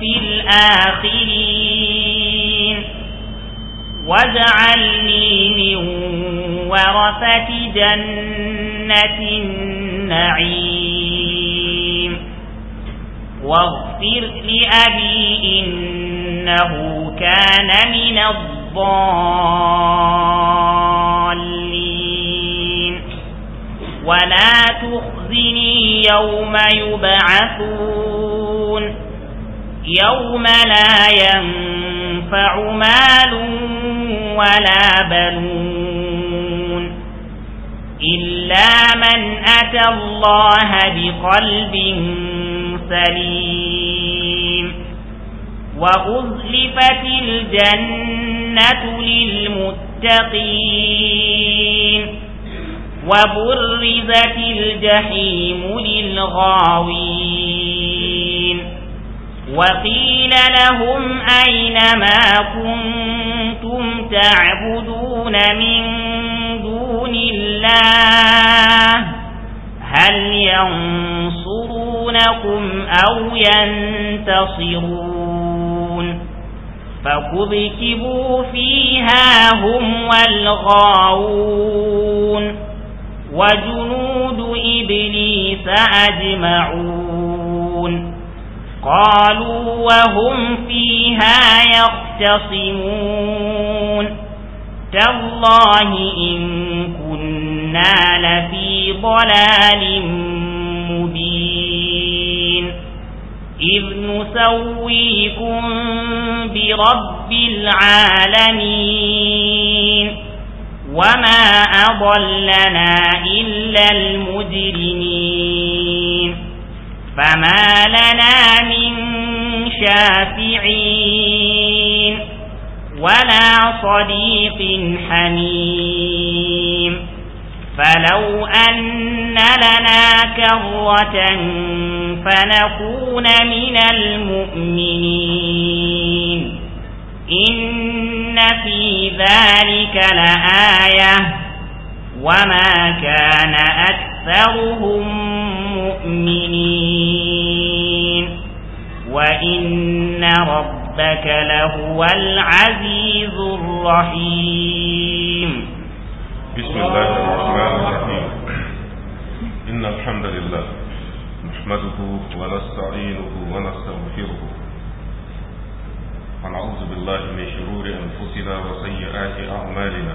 في الآخرين واجعلني من ورثة جنة النعيم واغفر لأبي إنه كان من الضالين ولا تخزني يوم يبعثون يبخسون يوم لا ينفع مال ولا بنون إلا من أتى الله بقلب سليم وأزلفت الجنة للمتقين وبرزت الجحيم للغاوين وقيل لهم أين ما كنتم تعبدون من دون الله هل ينصرونكم أو ينتصرون فكذكبوا فيها هم والغاوون وجنود إبليس أجمعون قالوا وهم فيها يختصمون تالله إن كنا لفي ضلال مبين إذ نسويكم برب العالمين وما أضلنا إلا المجرمين فما لنا من شافعين ولا صديق حميم فلو أن لنا كرة فنكون من المؤمنين إن في ذلك لآية وما كان أكثر أكثرهم مؤمنين وإن ربك لهو العزيز الرحيم بسم الله الرحمن الرحيم إن الحمد لله نحمده ونستعينه ونستغفره ونعوذ بالله من شرور أنفسنا وسيئات أعمالنا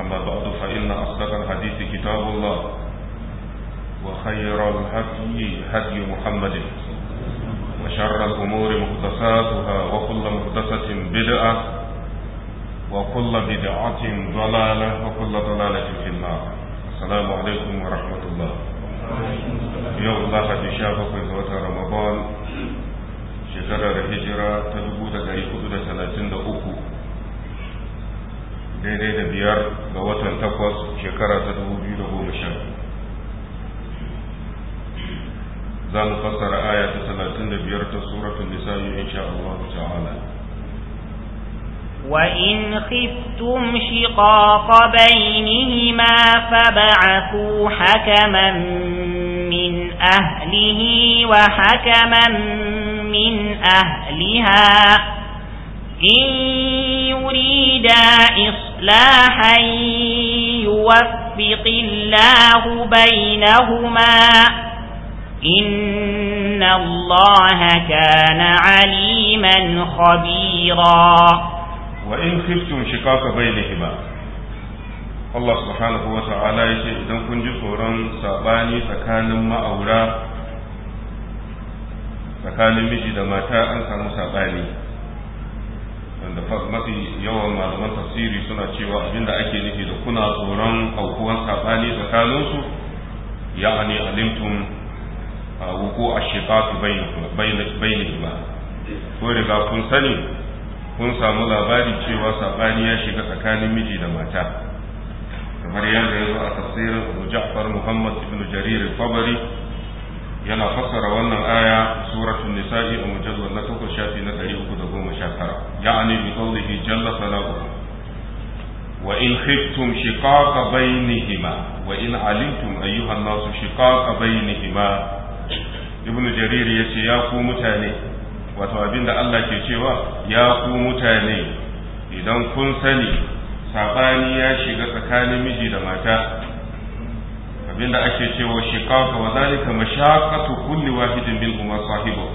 أما بعد فإن أصدق الحديث كتاب الله وخير الهدي هدي محمد وشر الأمور محدثاتها وكل محدثة بدعة وكل بدعة ضلالة وكل ضلالة في النار السلام عليكم ورحمة الله يوم الله تشافك في رمضان shekarar hijira ta 1433 daidai da biyar ga watan takwas shekara ta dubu biyu da goma sha za mu fassara aya ta talatin da biyar ta suratun nisa'i insha Allah ta'ala وإن خفتم شقاق بينهما فبعثوا حكما من أهله وحكما من أهلها إن يريدا إصلاحا لا حي يوفق الله بينهما إن الله كان عليما خبيرا وإن خفتم شقاق بينهما الله سبحانه وتعالى يشيء إذا كنت صورا ساباني سكان ما أولا سكان مجد ما تاء أنسى wanda mafi yawan malaman tafsiri suna cewa abinda ake nufi da kuna tsoron aukuwan sabani tsakaninsu ya'ani alimtum wuku ashiqaqi ba. ko riga kun sani kun samu labari cewa saɓani ya shiga tsakanin miji da mata kamar yadda ya zo a tafsirin Abu Ja'far Muhammad ibn Jaririn fabari yana fassara wannan aya suratul nisa'i a mujallal na 8 shafi na 319 ya'ani bi qawlihi jalla salahu wa in khiftum shiqaqa bainihima wa in alimtum ayyuhan nasu shiqaqa bainihima ibnu jarir yace ya ku mutane wato abinda Allah ke cewa ya ku mutane idan kun sani sabani ya shiga tsakanin miji da mata abinda ake cewa shiqaq wa zalika mashaqqatu kulli wahidin minhum wa sahibu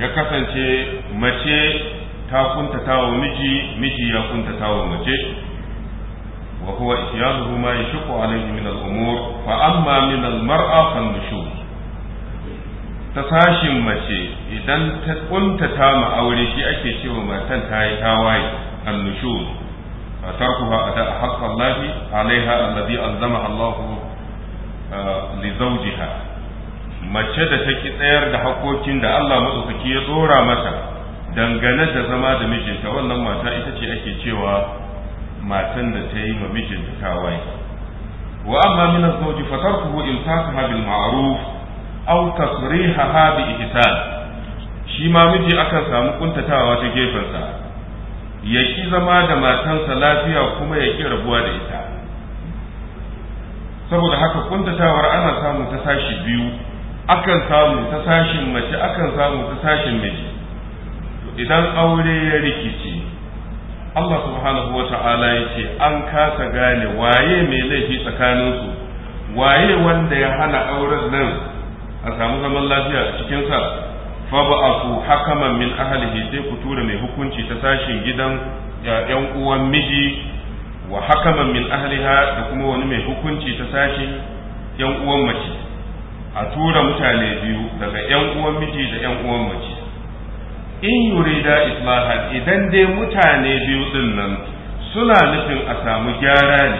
ya kasance mace ta kuntata wa miji miji ya kuntata wa mace wa huwa ihyaluhu ma yashqu alayhi min al-umur fa amma min al-mar'a fa nushuz ta sashin mace idan ta kuntata ma aure shi ake cewa matan ta yi tawaye an nushuz fatarkuha ada haqqallahi alaiha alladhi anzama Allahu li mace da take tsayar da hakokin da Allah madaukaki ya tsora mata dangane da zama da mijinta wannan mata ita ce ake cewa matan da ta yi ma mijinta tawaye wa amma min zawji fa tarkuhu imsakaha bil ma'ruf aw tasrihaha bi ihsan shi ma miji akan samu kuntatawa ta gefensa ya ki zama da matansa lafiya kuma ya ki rabuwa da ita saboda haka kuntatawar ana samu ta sashi biyu akan samu ta sashin mace akan samu ta sashin miji idan aure ya rikici Allah subhanahu wa ta'ala ya ce an kasa gane waye mai laifi tsakaninsu waye wanda ya hana auren nan a samu zaman lafiya a cikinsa fa ba a ku hakaman min ahalihi sai ku tura mai hukunci ta sashin gidan yan uwan miji wa hakaman min ahliha da kuma wani mai hukunci ta sashin yan uwan mace a tura mutane biyu daga yan uwan miji da yan uwan mace in yurida islaha idan dai mutane biyu din nan suna nufin a samu gyara ne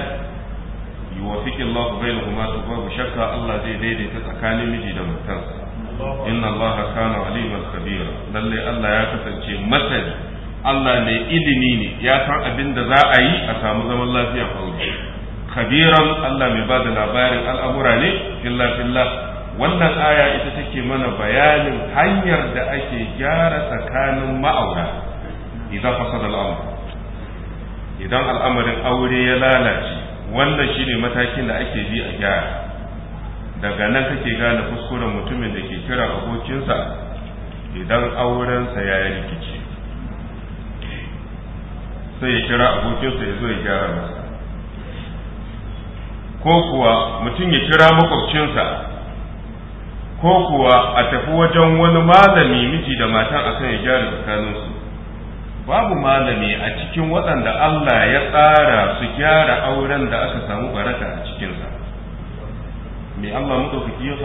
yuwafiqi Allahu bainahuma babu shakka Allah zai daidaita tsakanin miji da matarsa inna Allah kana aliman kabira lalle Allah ya kasance masani Allah mai ilimi ne ya san abin da za a yi a samu zaman lafiya fauri khabiran Allah mai ba da labarin al'amura ne filla filla wannan aya ita take mana bayanin hanyar da ake gyara tsakanin ma'aura idan fasada al'amur idan al'amarin aure ya lalace wannan shi ne matakin da ake bi a gyara daga nan kake gane kuskuren mutumin da ke kira abokinsa idan aurensa ya rikici? sai ya kira abokinsa ya zo ya gyara masa ko kuwa mutum ya kira makwabcinsa ko kuwa a tafi wajen wani malami miji da matan akan ya gyara tsakaninsu babu malami a cikin waɗanda Allah ya tsara su gyara auren da aka samu baraka a cikinsa me Allah maɗaukaki ya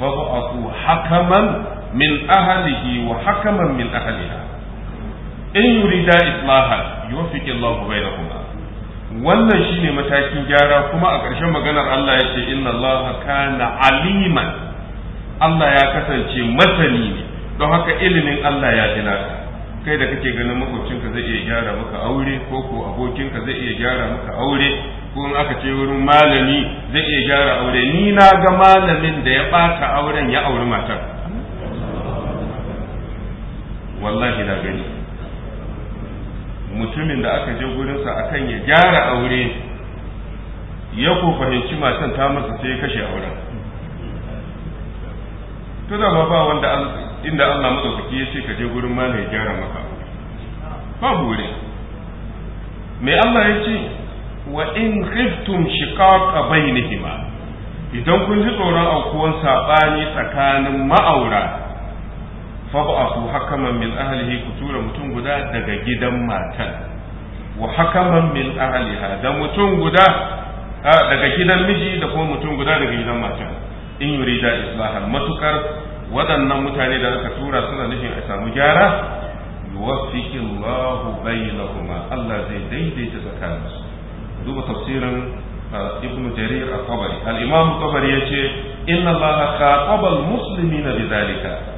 faɗa ku hakaman min ahalihi wa hakaman min ahaliha in yurida islahan bai da kuma. wannan shine matakin gyara kuma a ƙarshen maganar Allah ya ce inna Allah kana aliman Allah ya kasance masani ne don haka ilimin Allah ya fi naka kai da kake ganin makocinka zai iya gyara maka aure ko ko abokinka zai iya gyara maka aure ko in aka ce wurin malami zai iya gyara aure ni na ga malamin da ya bata auren ya auri matar wallahi na gani mutumin da aka je gurinsa akan ya gyara aure ya ko fahimci matan ta masa sai ya kashe auren to da ba wanda inda Allah madaukaki ya ce ka je gurin malam ya gyara maka ba gure me Allah ya ce wa in khiftum shiqaqa bainihima idan kun ji tsoron aukuwan sabani tsakanin ma'aura fab'afu hakaman min ahlihi ku tura mutum guda daga gidan matan wa hakaman min ahliha da mutum guda daga gidan miji da kuma mutum guda daga gidan matan in yurida islahan matukar waɗannan mutane da aka tura suna nufin a samu gyara yuwaffiqu Allahu bainahuma Allah zai daidaita tsakanin tsakaninsu duba tafsirin ibnu jarir at-tabari al-imam tabari yace inna Allah khataba al-muslimina bidhalika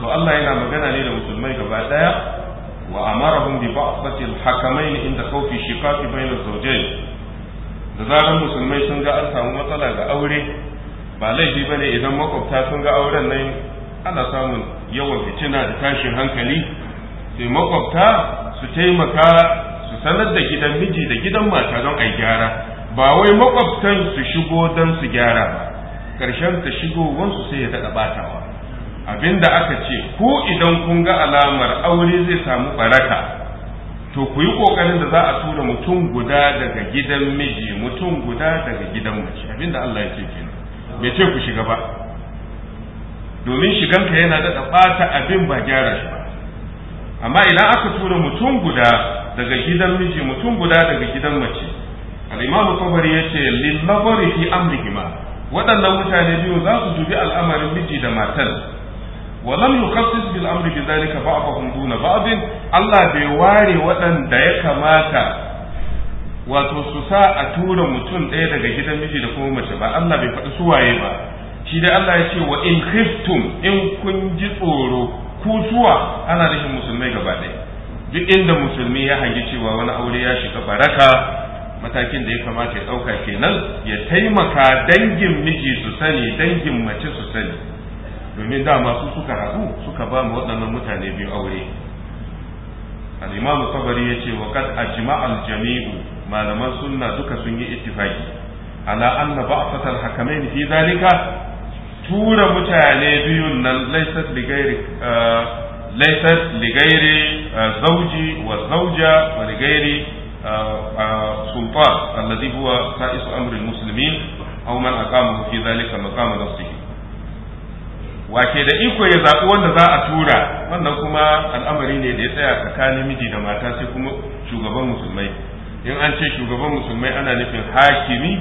to Allah yana magana ne da musulmai gaba daya wa amarahum bi ba'sati al-hakamain inda kawfi shiqaqi bayna zawjayn da zaran musulmai sun ga an samu matsala ga aure ba laifi bane idan makwabta sun ga auren nan ana samun yawan fitina da tashin hankali sai makwabta su taimaka su sanar da gidan miji da gidan mata don a gyara ba wai makwabtan su shigo don su gyara ba ƙarshen ta shigo, wansu sai ya daɗa batawa abinda aka ce ku idan kun ga alamar aure zai samu baraka to ku yi kokarin da za a tura mutum guda daga gidan miji mutum guda daga gidan mace abinda Allah ya ce kenan bai ce ku shiga ba domin shiganka yana da bata abin ba gyara shi ba amma idan aka tura mutum guda daga gidan miji mutum guda daga gidan mace al-imam tabari yace lil mabari fi amrihima waɗannan mutane biyu za su dubi al'amarin miji da matar ولم يخصص بالامر بذلك بعضهم دون بعض Allah bai ware waɗanda ya kamata wato su sa a tura mutum ɗaya daga gidan miji da kuma mace ba Allah bai faɗi su waye ba shi dai Allah ya ce wa in khiftum in kun ji tsoro ku suwa ana rashin musulmai gaba ɗaya duk inda musulmi ya hangi cewa wani aure ya shiga baraka matakin da ya kamata ya ɗauka kenan ya taimaka dangin miji su sani dangin mace su sani domin dama su suka haɗu suka ba mu waɗannan mutane biyu aure al-imamu tabari ya ce qad ajma'a al-jami'u malaman sunna duka sun yi ittifaki ala anna ba'fat hakamai hakamain fi zalika tura mutane biyun nan laysat Ligairi, eh, eh, Zauji wa Zauja, wa li ghairi eh, sultan alladhi huwa sa'is amri muslimin aw man aqamahu fi zalika maqama nafsihi wake da iko ya zaɓi wanda za a tura wannan kuma al'amari ne da ya tsaya tsakanin miji da mata sai kuma shugaban musulmai in an ce shugaban musulmai ana nufin hakimi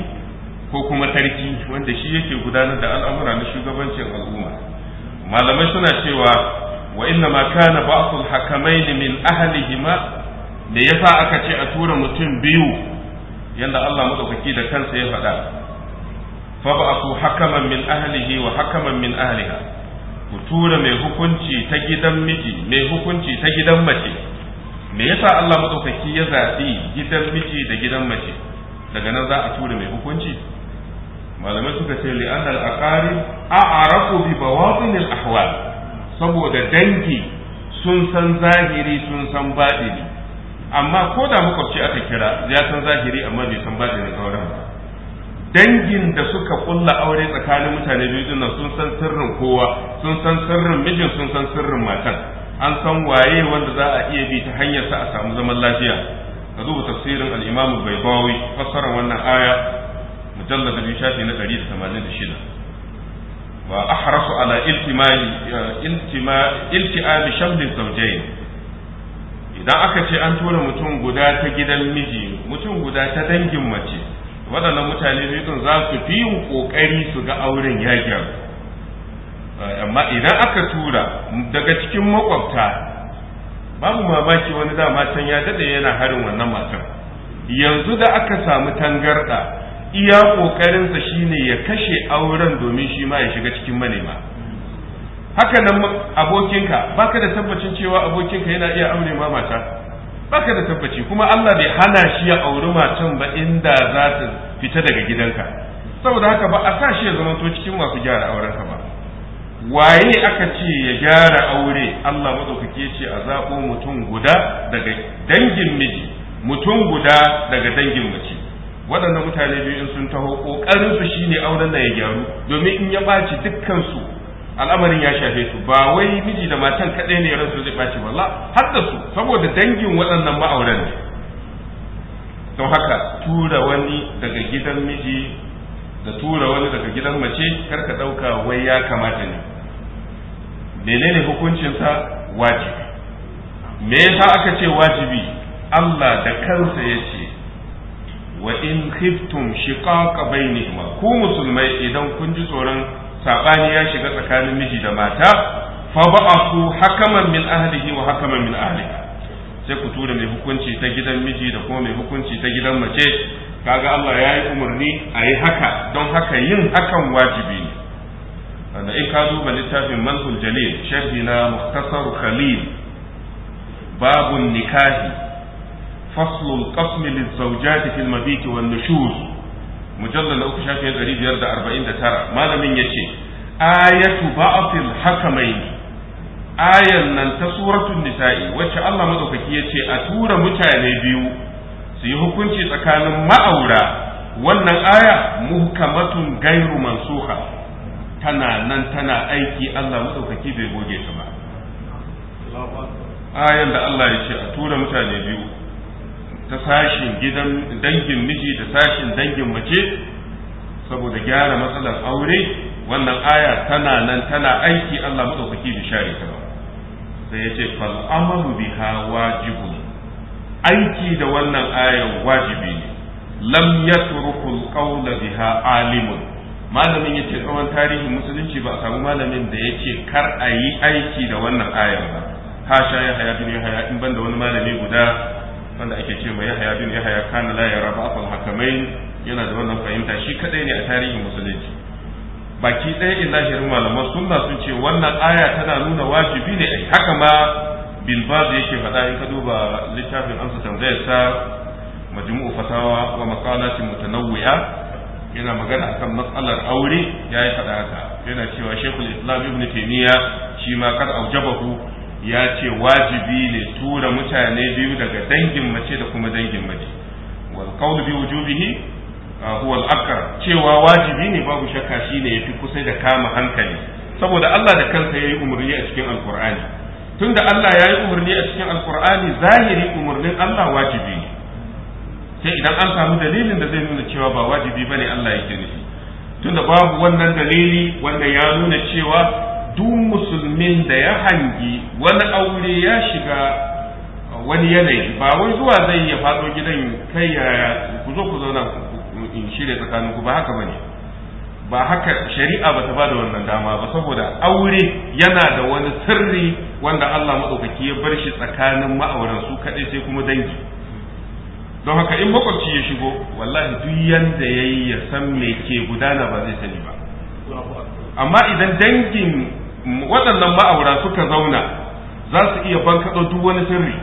ko kuma sarki wanda shi yake gudanar da al'amura na shugabancin al'umma malamai suna cewa wa inna ma kana ba'sul hakamain min ahlihima me yasa aka ce a tura mutum biyu yanda Allah madaukaki da kansa ya faɗa fa ba'su hakaman min ahlihi wa hakaman min ahliha ku tura mai hukunci ta gidan miji mai hukunci ta gidan mace me yasa Allah madaukaki ya zaɓi gidan miji da gidan mace daga nan za a tura mai hukunci malamai suka ce li annal aqari a'rafu bi bawatin al ahwal saboda dangi sun san zahiri sun san batini amma ko da makwabci aka kira ya san zahiri amma bai san batinin auren ba dangin da suka kulla aure tsakanin mutane biyu din sun san sirrin kowa sun san sirrin mijin sun san sirrin matan an san waye wanda za a iya bi ta hanyar sa a samu zaman lafiya ka zuba tafsirin al-Imam Baybawi fasara wannan aya mujallad bi shafi na 186 wa ahrasu ala iltimai eh, iltima iltiami shamlin zawjayn idan aka ce an tura mutum guda ta gidan miji mutum guda ta dangin mace waɗannan mutane sun za su fi yin ƙoƙari su ga auren yakin amma idan aka tura daga cikin makwabta babu mamaki wani dama can ya daɗe yana harin wannan matan yanzu da aka samu tangarɗa iya ƙoƙarinsa shine ya kashe auren domin shi ma ya shiga cikin manema haka nan abokinka baka da tabbacin cewa abokinka yana iya aure ma mata baka da tabbaci kuma Allah bai hana shi ya auri matan ba inda za ta fita daga gidanka saboda haka ba a sa shi ya zamanto cikin masu gyara auren ka ba waye aka ce ya gyara aure Allah madaukake ce a zaɓo mutum guda daga dangin miji mutum guda daga dangin mace waɗannan mutane biyu in sun taho ƙoƙarin su shine auren da ya gyaru domin in ya ɓaci dukkan su al'amarin ya shafe su ba wai miji da matan kaɗai ne su zai ɓaci ba har da su saboda dangin waɗannan ma'auran ne don haka tura wani daga gidan miji da tura wani daga gidan mace kar ka ɗauka wai ya kamata ne menene hukuncinsa wajibi me yasa aka ce wajibi Allah da kansa ya ce wa in khiftum shiqaqa bainihima ku musulmai idan kun ji tsoron sabani ya shiga tsakanin miji da mata fa ku hakaman min ahlihi wa hakaman min ahliha sai ku tura mai hukunci ta gidan miji da kuma mai hukunci ta gidan mace kaga Allah ya yi umarni a yi haka don haka yin hakan wajibi ne wanda in ka duba littafin manhul jalil sharhi na muhtasar khalil babun nikahi faslul qasmi lizawjati fil mabiti wan nushuz mujallar na uku shafin ɗari biyar da arba'in da tara malamin ya ce ayatu ba'afil hakamaini ayan nan ta suratul nisa'i wacce Allah madaukaki ya ce a tura mutane biyu su yi hukunci tsakanin ma'aura wannan aya muhkamatun gairu mansuha tana nan tana aiki Allah madaukaki bai goge ta ba ayan da Allah ya ce a tura mutane biyu ta sashin gidan dangin miji da sashin dangin mace saboda gyara matsalar aure wannan aya tana nan tana aiki Allah madaukaki da share ta sai ya ce fal amru biha wajibun aiki da wannan ayan wajibi ne lam yatrukul qawla biha alimun malamin yace tsawon tarihin musulunci ba a samu malamin da yace kar a yi aiki da wannan ayan ba sha ya haya ya haya in banda wani malami guda wanda ake ce mai yahaya bin yahaya kana la yara fa hakamai yana da wannan fahimta shi kadai ne a tarihin musulunci baki ɗaya in lahirin malaman sunna sun ce wannan aya tana nuna wajibi ne haka ma bilbaz yake faɗa in ka duba littafin amsa tambayar sa majmu'u fatawa wa maqalatin mutanawwi'a yana magana akan matsalar aure yayi faɗa haka yana cewa shaykhul islam ibn taymiya shi ma kad aujabahu ya ce wajibi ne tura mutane biyu daga dangin mace da kuma dangin mace wal qawlu bi wujubihi huwa al cewa wajibi ne babu shakka shine yafi kusa da kama hankali saboda Allah da kansa yayi umarni a cikin alqur'ani tunda Allah yayi umarni a cikin alqur'ani zahiri umarnin Allah wajibi ne sai idan an samu dalilin da zai nuna cewa ba wajibi bane Allah yake nufi tunda babu wannan dalili wanda ya nuna cewa duk musulmin da ya hangi wani aure ya shiga wani yanayi ba wai zuwa zai ya faɗo gidan kai ya ku zo ku zauna in shirya tsakanin ku ba haka bane ba haka shari'a ba ta ba da wannan dama ba saboda aure yana da wani sirri wanda Allah maɗaukaki ya bar shi tsakanin ma'auran su kaɗai sai kuma dangi don haka in makwabci ya shigo wallahi duk yanda yayi ya san me ke gudana ba zai sani ba amma idan dangin waɗannan ma'aura suka zauna za su iya bankaɗo duk wani sirri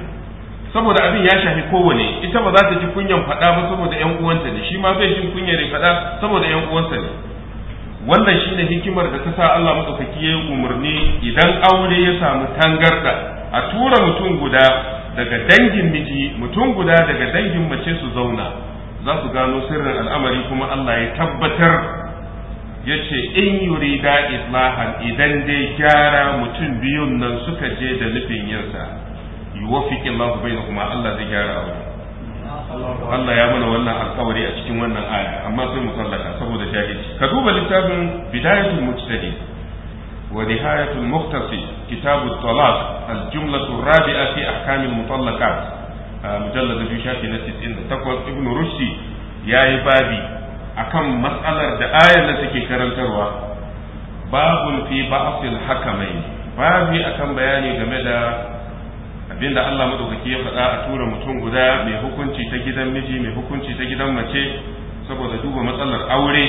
saboda abin ya shafi kowane ita ba za ta ji kunyan faɗa ba saboda ƴan uwanta ne shi ma zai jin kunya ne faɗa saboda ƴan uwansa ne wannan shine hikimar da ta sa Allah madaukaki ya yi umarni idan aure ya samu tangarda a tura mutum guda daga dangin miji mutum guda daga dangin mace su zauna za su gano sirrin al'amari kuma Allah ya tabbatar ce in da islahan idan dai gyara mutum biyun nan suka je da nufin yinsa yuwaffiqu da kuma Allah zai gyara a Allah ya mana wannan alkawari a cikin wannan aya amma sai mu sallaka saboda jahilci ka duba littafin bidayatul mujtahid wa nihayatul muqtasi kitabut talaq al-jumlatu ar-rabi'a fi ahkamil mutallaqat mujallad bi shafi na 98 ibn ya yayi babi akan matsalar da ayar da take karantarwa babun fi ba'sil hakamai babu akan bayani game da abinda Allah madaukaki ya faɗa a tura mutum guda mai hukunci ta gidan miji mai hukunci ta gidan mace saboda duba matsalar aure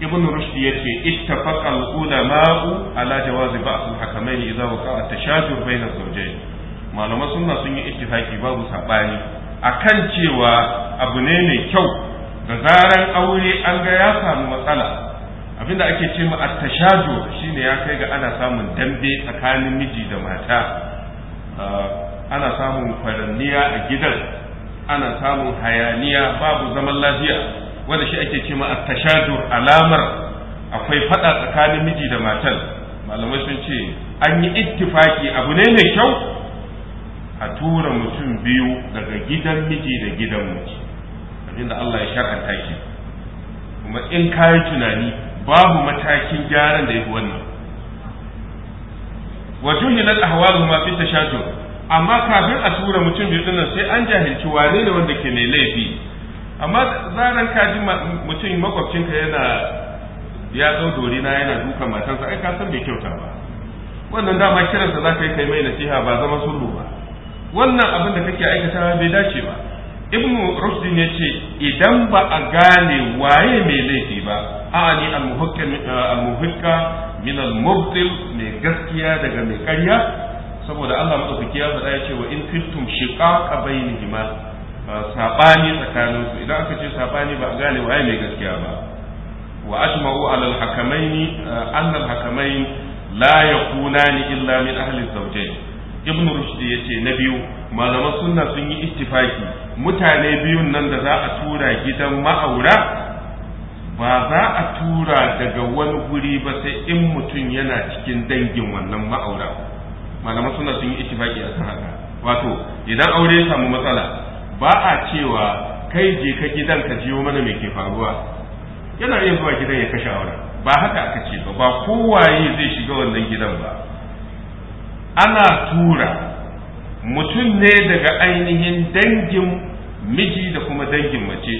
ibn rushd yace ittafaqa al-ulama'u ala jawazi ba'sil hakamaini idza waqa'a tashajur bayna zawjayn malaman sunna sun yi ittifaki babu sabani akan cewa abu ne mai kyau da zaran aure an ga ya samu matsala abinda ake ce ma attashado shine ya kai ga ana samun dambe tsakanin miji da mata ah, ana samun faranniya a gidan ana samun hayaniya babu zaman lafiya wanda shi ake ce ma atashadu alamar akwai fada tsakanin miji da matan malamai sun ce an yi ittifaki abu ne mai kyau a tura mutum biyu daga gidan miji da gidan inda Allah ya shar'anta shi kuma in ka yi tunani babu matakin gyaran da ya fi wannan wa juhilat ahwaluhu ma fi tashajjur amma kafin a tura mutum biyu dinnan sai an jahilci wane ne wanda ke mai laifi amma zaran ka ji mutum makwabcinka yana ya zo na yana duka matarsa ai ka san bai kyauta ba wannan dama kiransa za ka yi kai mai nasiha ba zama sulhu ba wannan abin da kake aikata bai dace ba ibnu rusdin ya ce idan ba a gane waye mai laifi ba a'ani al-muhikka min al-mubtil mai gaskiya daga mai karya saboda Allah madaukaki ya faɗa ya ce wa in kuntum shiqaqa bainihima sabani tsakanin su idan aka ce sabani ba a gane waye mai gaskiya ba wa ajma'u ala al-hakamaini eh, anna al-hakamain la yakunani illa min ahli zawjayn ibnu rusdi yace na biyu malaman sunna sun yi ittifaki mutane biyun nan da za a tura gidan ma'aura ba za a tura daga wani guri ba sai in mutum yana cikin dangin wannan ma'aura malaman suna sun yi ittifaki a kan haka wato idan aure ya samu matsala ba a cewa kai je ka gidan ka jiyo mana me ke faruwa yana iya zuwa gidan ya kashe aure. ba haka aka ce ba ba kowaye zai shiga wannan gidan ba ana tura mutum ne daga ainihin dangin miji da kuma dangin mace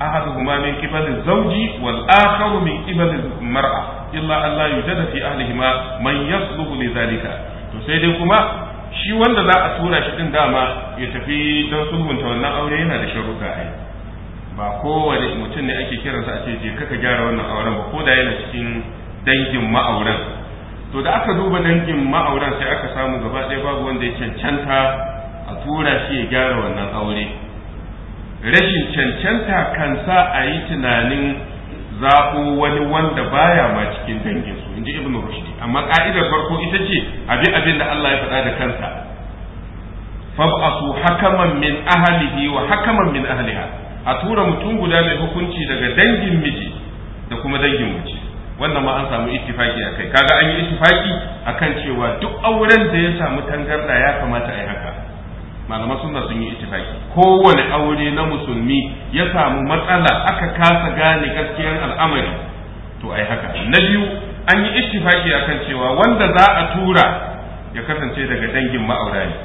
ahaduhuma min qibali zawji wal akharu min qibali mar'a illa an yujada fi ahlihima man yasluhu li zalika to sai dai kuma shi wanda za a tura shi din dama ya tafi don sulhunta wannan aure yana da sharuɗa ai ba kowane mutum ne ake kiransa a ce je kaka gyara wannan auren ba ko da yana cikin dangin ma'auran to da aka duba dangin ma'auran sai aka samu gaba ɗaya babu wanda ya cancanta a tura shi ya gyara wannan aure rashin cancanta kan sa a yi tunanin zaɓo wani wanda baya ma cikin dangin su inji ibnu rushdi amma ka'idar farko ita ce abin abin da Allah ya faɗa da kansa fab'asu hakaman min ahlihi wa hakaman min ahliha a tura mutum guda mai hukunci daga dangin miji da kuma dangin mace wannan ma an samu ittifaki a kai kaga an yi ittifaki akan cewa duk auren da ya samu tangarɗa ya kamata a yi haka malaman sunna sun yi ittifaki kowane aure na musulmi ya samu matsala aka kasa gane gaskiyar al'amari to a yi haka na biyu an yi ittifaki akan cewa wanda za a tura ya kasance daga dangin ma'aura ne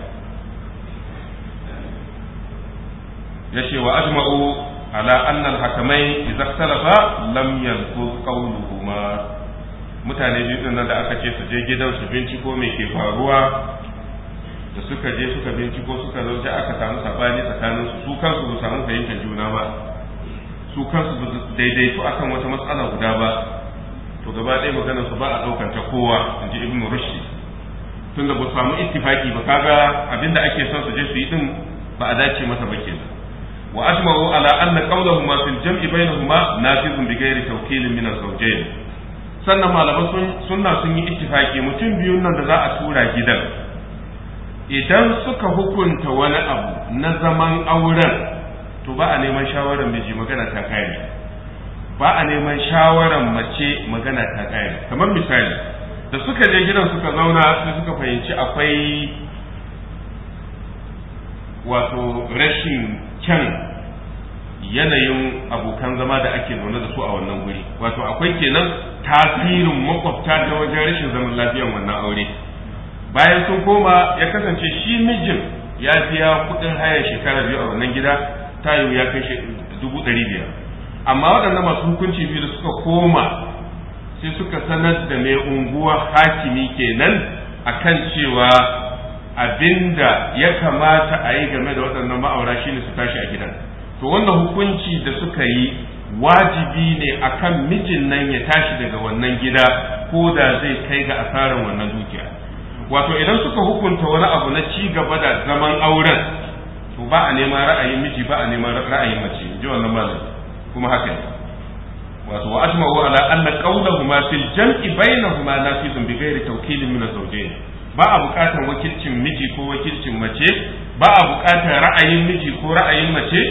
ya ce wa ajma'u ala annal hakamai idza ikhtalafa lam yalfuz qawluhuma mutane biyu din nan da aka ce su je gidan su binciko me ke faruwa da suka je suka binciko suka zauce aka samu sabani tsakanin su su kansu ba samu fahimtar juna ba su kansu ba su akan wata matsala guda ba to gaba ɗaya maganar su ba a ɗaukar ta kowa in ji ibnu tun da ba samu ittifaki ba kaga abinda ake son su je su yi din ba a dace masa ba kenan wa على ala قولهما في الجمع بينهما نافذ بغير توكيل من الزوجين min az-zawjayn sannan malaman sun sunna sun yi ittifaki mutum biyun nan da za a tura gidan idan suka hukunta wani abu na zaman auren to ba a neman shawarar miji magana ta kare ba a neman shawarar mace magana ta kare kamar misali da suka je gidan suka zauna su suka fahimci akwai wato rashin kyan yanayin abokan zama da ake zaune da su a wannan guri wato akwai kenan tasirin makwabta ta wajen rashin zaman lafiyan wannan aure bayan sun koma ya kasance shi mijin ya biya kuɗin hayan shekara biyu a wannan gida tayo ya kai dubu ɗari biyar amma waɗannan masu hukunci biyu da suka koma sai suka sanar da mai unguwa hakimi kenan akan cewa abinda ya kamata a yi game da waɗannan ma'aura ne su tashi a gidan to wannan hukunci da suka yi wajibi ne akan mijin nan ya tashi daga wannan gida ko da zai kai ga asarar wannan dukiya wato idan suka hukunta wani abu na ci gaba da zaman auren to ba a neman ra'ayin miji ba a neman ra'ayin mace ji wannan malam kuma haka ne wato wa asma'u ala anna qawluhuma fil jam'i bainahuma nafizun bi ghairi tawkilin min az-zawjayn ba a buƙatar wakilcin miji ko wakilcin mace ba a buƙatar ra'ayin miji ko ra'ayin mace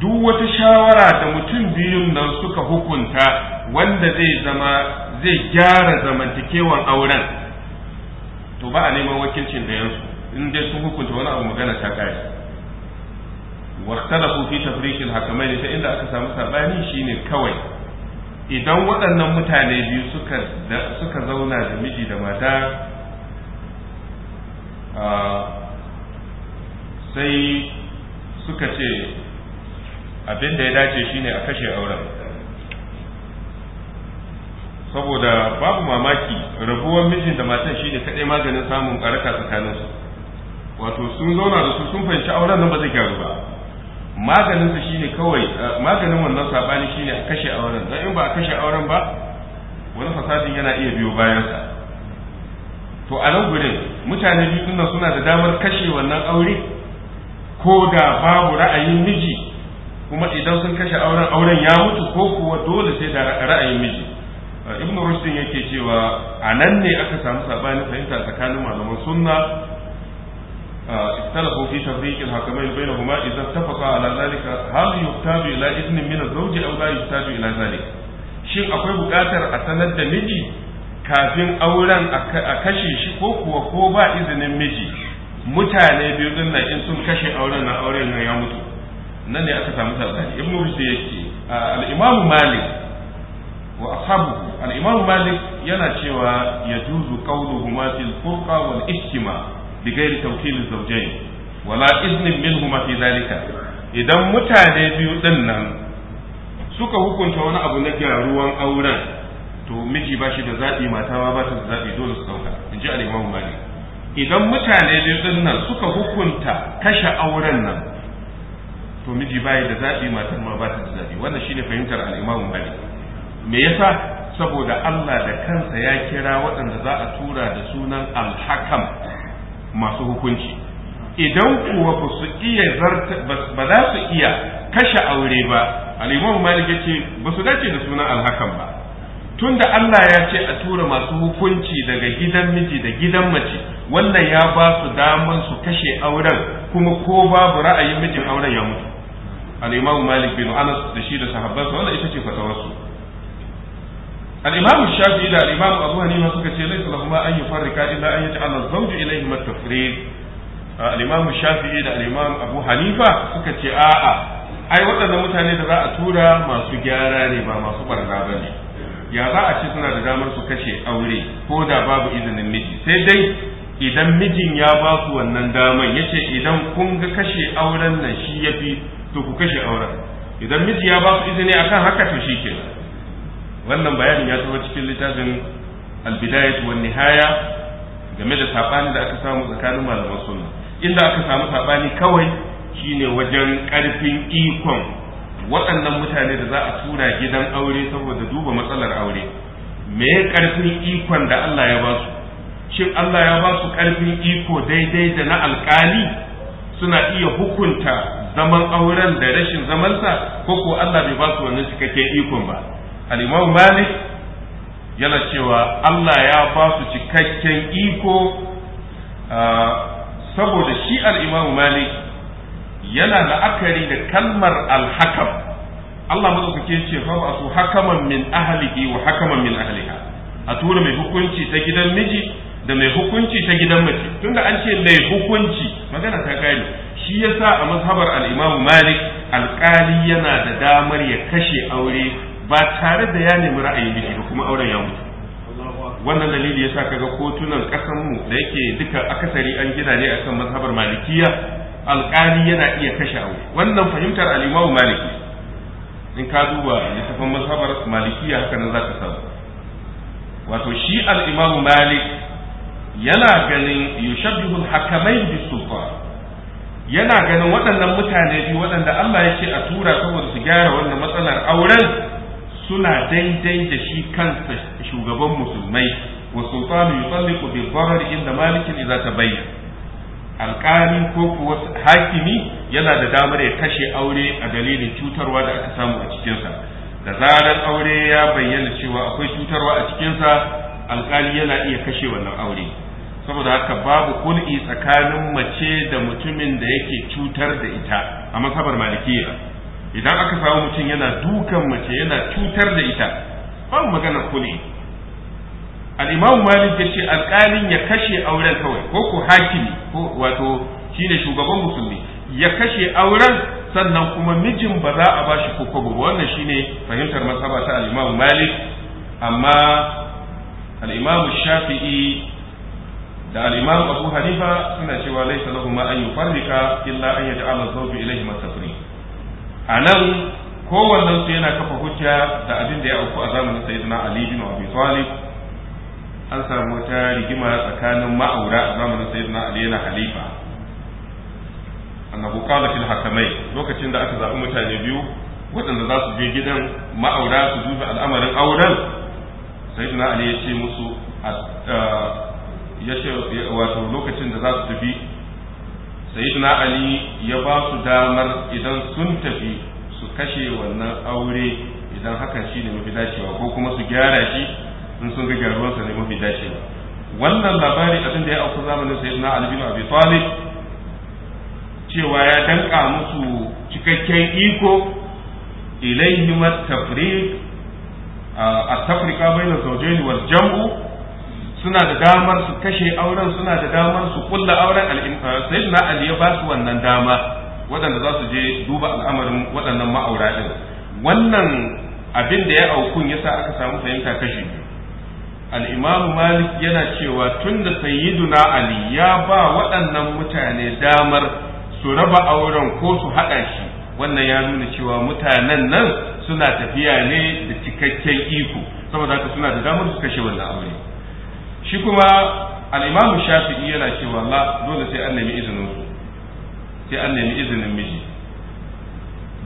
duk wata shawara da mutum biyun nan suka hukunta wanda zai zama zai gyara zamantakewar auren to ba a neman wakilcin da yansu in dai sun hukunta wani abu magana ta kai fi في تفريق ne ta inda aka samu sabani shine kawai idan waɗannan mutane biyu suka zauna da miji da mata sai suka ce abin da ya dace shine a kashe auren saboda babu mamaki rabuwar mijin da matan shine kaɗai maganin samun ƙaraka tsakaninsu wato sun zauna da su sun fahimci auren nan ba zai gyaru ba maganinsa shine kawai eh, maganin wannan sabani shine a kashe auren don in ba a kashe auren ba wani fasadin yana iya biyo bayansa to a nan gurin mutane biyu nan suna da damar kashe wannan aure ko da babu ra'ayin miji kuma idan sun kashe auren auren ya mutu ko kuwa dole sai da ra'ayin miji ah, ibn rushdin yake cewa a nan ne aka samu sabanin fahimta tsakanin malaman sunna اختلفوا في تفريق الحكمين بينهما اذا اتفقا على ذلك هل يحتاج الى اذن من الزوج او لا يحتاج الى ذلك shin akwai buƙatar a sanar da miji kafin auren a kashe shi ko kuwa ko ba izinin miji mutane biyu din nan in sun kashe auren na auren nan ya mutu nan ne aka samu tsari ibnu rushd yake al-imam malik wa ashabu al-imam malik yana cewa yajuzu qawluhuma fil furqa wal ihtima bi ghairi tawkil zawjayn wala iznin minhuma fi zalika idan mutane biyu din nan suka hukunta wani abu na gyaruwan auren to miji ba shi da zaɓi mata ma ba ta da zaɓi dole su ɗauka in ji al'imamu malik idan mutane din nan suka hukunta kashe auren nan to miji ba da zaɓi mata ma ba ta da zaɓi wannan shine fahimtar al'imamu malik me yasa saboda Allah da kansa ya kira waɗanda za a tura da sunan alhakam masu hukunci idan kuwa ba su iya ba za su iya kashe aure ba al-Imam Malik yace ba su dace da sunan alhakam ba tunda Allah ya ce a tura masu hukunci daga gidan miji da gidan mace wannan ya ba su daman su kashe auren kuma ko babu ra'ayin mijin auren ya mutu al-imam malik bin anas da shi da sahabbansa wannan ita ce su al-imam shafi'i da al-imam abu hanifa suka ce laysa lahum an yufarrika illa an yaj'ala az-zawju ilayhi at al-imam shafi'i da al-imam abu hanifa suka ce a'a ai waɗannan mutane da za a tura masu gyara ne ba masu barna bane ya za a ce suna da damar su kashe aure ko da babu izinin miji sai dai idan mijin ya ba su wannan ya yace idan kun ga kashe auren nan shi ya fi to ku kashe auren idan miji ya ba su izini a kan haka to shi ke wannan bayanin ya zama cikin littafin albidayat wa nihaya game da sabani da aka samu tsakanin malaman sunna inda aka samu saɓani kawai shine wajen karfin ikon waɗannan mutane da za a tura gidan aure saboda duba matsalar aure me ƙarfin ikon da Allah ya ba su shin Allah ya ba su karfin iko daidai da na alƙali suna iya hukunta zaman auren da rashin zamansa ko ko Allah bai ba su wannan cikakken ikon ba al-Imam Malik yana cewa Allah ya ba su cikakken iko ah, saboda shi al-Imam Malik yana la'akari da kalmar alhakam Allah madaukake ce fa su hakaman min ahlihi wa hakaman min ahliha a tura mai hukunci ta gidan miji da mai hukunci ta gidan mace tunda an ce mai hukunci magana ta kai shi yasa a mazhabar al-Imam Malik alƙali yana da damar ya kashe aure ba tare da ya nemi ra'ayin miji ba kuma auren ya mutu wannan dalili yasa kaga kotunan kasan mu da yake duka akasari an gida ne akan mazhabar Malikiyya. alƙali yana iya kashe aure wannan fahimtar Alimawu Maliki in ka duba littafin Maliki malikiya haka nan ka samu wato shi Alimawu Malik yana ganin yushabbihu hakamai bi bis yana ganin waɗannan mutane biyu waɗanda Allah ya ce a tura saboda su gyara wannan matsalar auren suna daidai da shi kansa shugaban musulmai wa sultanu yusalliku bi dharar inda malikin idza tabayyan alkali ko kuwa hakimi yana da damar ya kashe aure a dalilin cutarwa da aka samu a cikinsa da zarar aure ya bayyana cewa akwai cutarwa a cikinsa alkali yana iya kashe wannan aure saboda haka babu kul'i tsakanin mace da mutumin da yake cutar da ita a masabar malikiya idan aka samu mutum yana dukan mace yana cutar da ita babu maganar kul'i al Malik ya ce alƙalin ya kashe auren kawai ko ko hakimi ko wato shine shugaban musulmi ya kashe auren sannan kuma mijin ba za a bashi kokobo ba wannan shine fahimtar masaba ta al-imam malik amma al shafi'i da al-imam abu hanifa suna cewa laysa lahu ma an yufarrika illa an yaj'ala zawju ilayhi masafiri anan kowannen su yana kafa hujja da abin da ya auku a zamanin sayyidina ali bin abi talib an samu ta rigima tsakanin ma'aura a zamanin sayyidina ali yana halifa annabu qala fil hakamai lokacin da aka zaɓi mutane biyu waɗanda za su je gidan ma'aura su duba al'amarin auren sayyidina ali ya ce musu uh, ya ce wato lokacin da za su tafi sayyidina ali ya ba su damar idan sun tafi su kashe wannan aure idan hakan shi ne mafi dacewa ko kuma su gyara shi in sun ga gyaruwar sa ne mafi dacewa wannan labari abin da ya auku zamanin sai Ali bin Abi Talib cewa ya danka musu cikakken iko ilaihim at-tafriq at-tafriqa bayna zawjayn wal jam'u suna da damar su kashe auren suna da damar su kulla auren na Ali ya ba su wannan dama waɗanda za su je duba al'amarin waɗannan ma'aura wannan abin da ya aukun yasa aka samu fahimta kashi biyu al'imamu malik yana cewa tun da sayyiduna ali ya ba waɗannan mutane damar su raba auren ko su haɗa shi wannan ya nuna cewa mutanen nan suna tafiya ne da cikakken iko saboda haka suna da damar su kashe wannan aure shi kuma al'imamu shafi'i yana cewa la dole sai an nemi izinin su sai an nemi izinin miji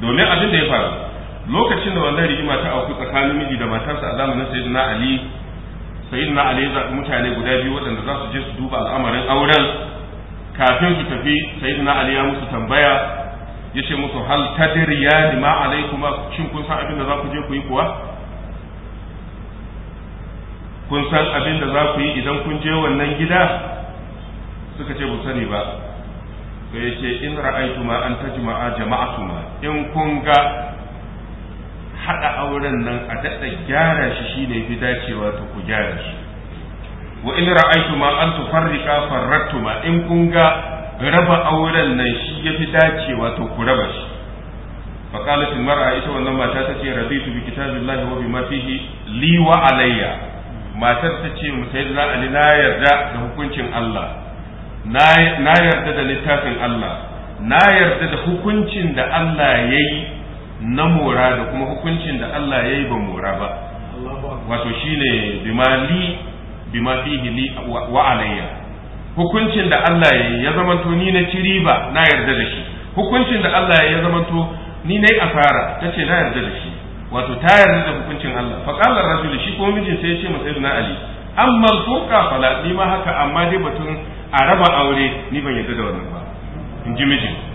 domin abin da ya faru lokacin da wannan rigima ta auku tsakanin miji da matarsa a zamanin sayyiduna ali sayyidina ali ya mutane guda biyu waɗanda za su je su duba al'amarin auren kafin su tafi sayyidina ali ya musu tambaya ya ce musu hal ya ma alaikuma shin kun san abin da za ku je ku yi kuwa kun san abin da za ku yi idan kun je wannan gida suka ce ba sani ba ya ce in ra'aytuma an tajma'a jama'atuma in kun ga haɗa auren nan a daɗa gyara shi shine fi dacewa ta ku gyara shi wa in ra'aytu ma an tufarriqa ma in kun ga raba auren nan shi ya fi dacewa to ku raba shi fa qalat mar'a ita wannan mata ta ce raditu bi kitabillahi wa bima fihi li wa alayya matar ta ce mu sayyidina ali na yarda da hukuncin Allah na yarda da littafin Allah na yarda da hukuncin da Allah yayi na mora da kuma hukuncin da Allah ya yi ba mora ba wato shine ne bima fihi li wa alayya hukuncin da Allah ya yi ya zamanto ni na ci riba na yarda da shi hukuncin da Allah ya yi ya zamanto ni na yi asara ta ce na yarda da shi wato ta yarda da hukuncin Allah fa qala rasul shi ko mijin sai ya ce masa ibn ali amma fuqa fala ni ma haka amma dai batun a raba aure ni ban yarda da wannan ba in ji mijin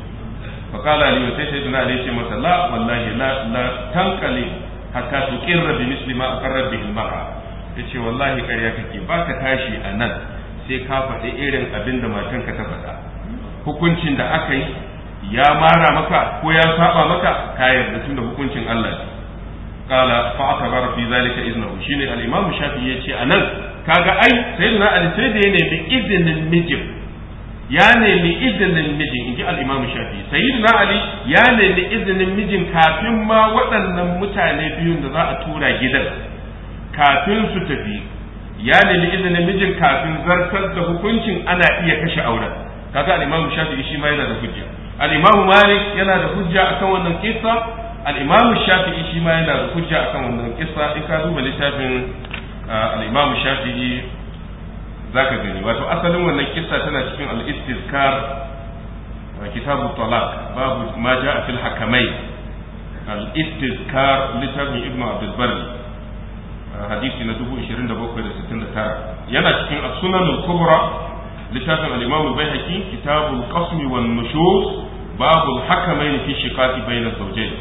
فقال علي sai sai duna ali ce masa wallahi la la tankali hatta tuqirra bi misli ma aqarra bihi al-mar'a yace wallahi ƙarya kake baka tashi a nan sai ka faɗi irin abinda da matanka ta faɗa hukuncin da aka yi ya mara maka ko ya saba maka ka yarda tunda hukuncin Allah ne qala fa atabara fi zalika iznuhu shine al-imam shafi yace anan kaga ai sayyidina ali sai da ya nemi izinin mijin ya nemi izinin mijin in al-imam shafi sayyidina ali ya nemi izinin mijin kafin ma waɗannan mutane biyun da za a tura gidan kafin su tafi ya nemi izinin mijin kafin zartar da hukuncin ana iya kashe auren kaga al-imam shafi shi ma yana da hujja al-imam malik yana da hujja akan wannan kissa al-imam shafi'i shi ma yana da hujja akan wannan kissa in ka duba littafin uh, al-imam shafi'i Za ka gani wato asalin wannan kissa tana cikin al-istizkar kitabu talak babu ma jaa fil hakamai al-istizkar littafin ibnu abdul barri hadisi na 2769 yana cikin as-sunan al-kubra littafin al-imam al-baihaqi kitabu al-qasmi wan nushuz babu al-hakamai fi shiqaqi bayna zawjayn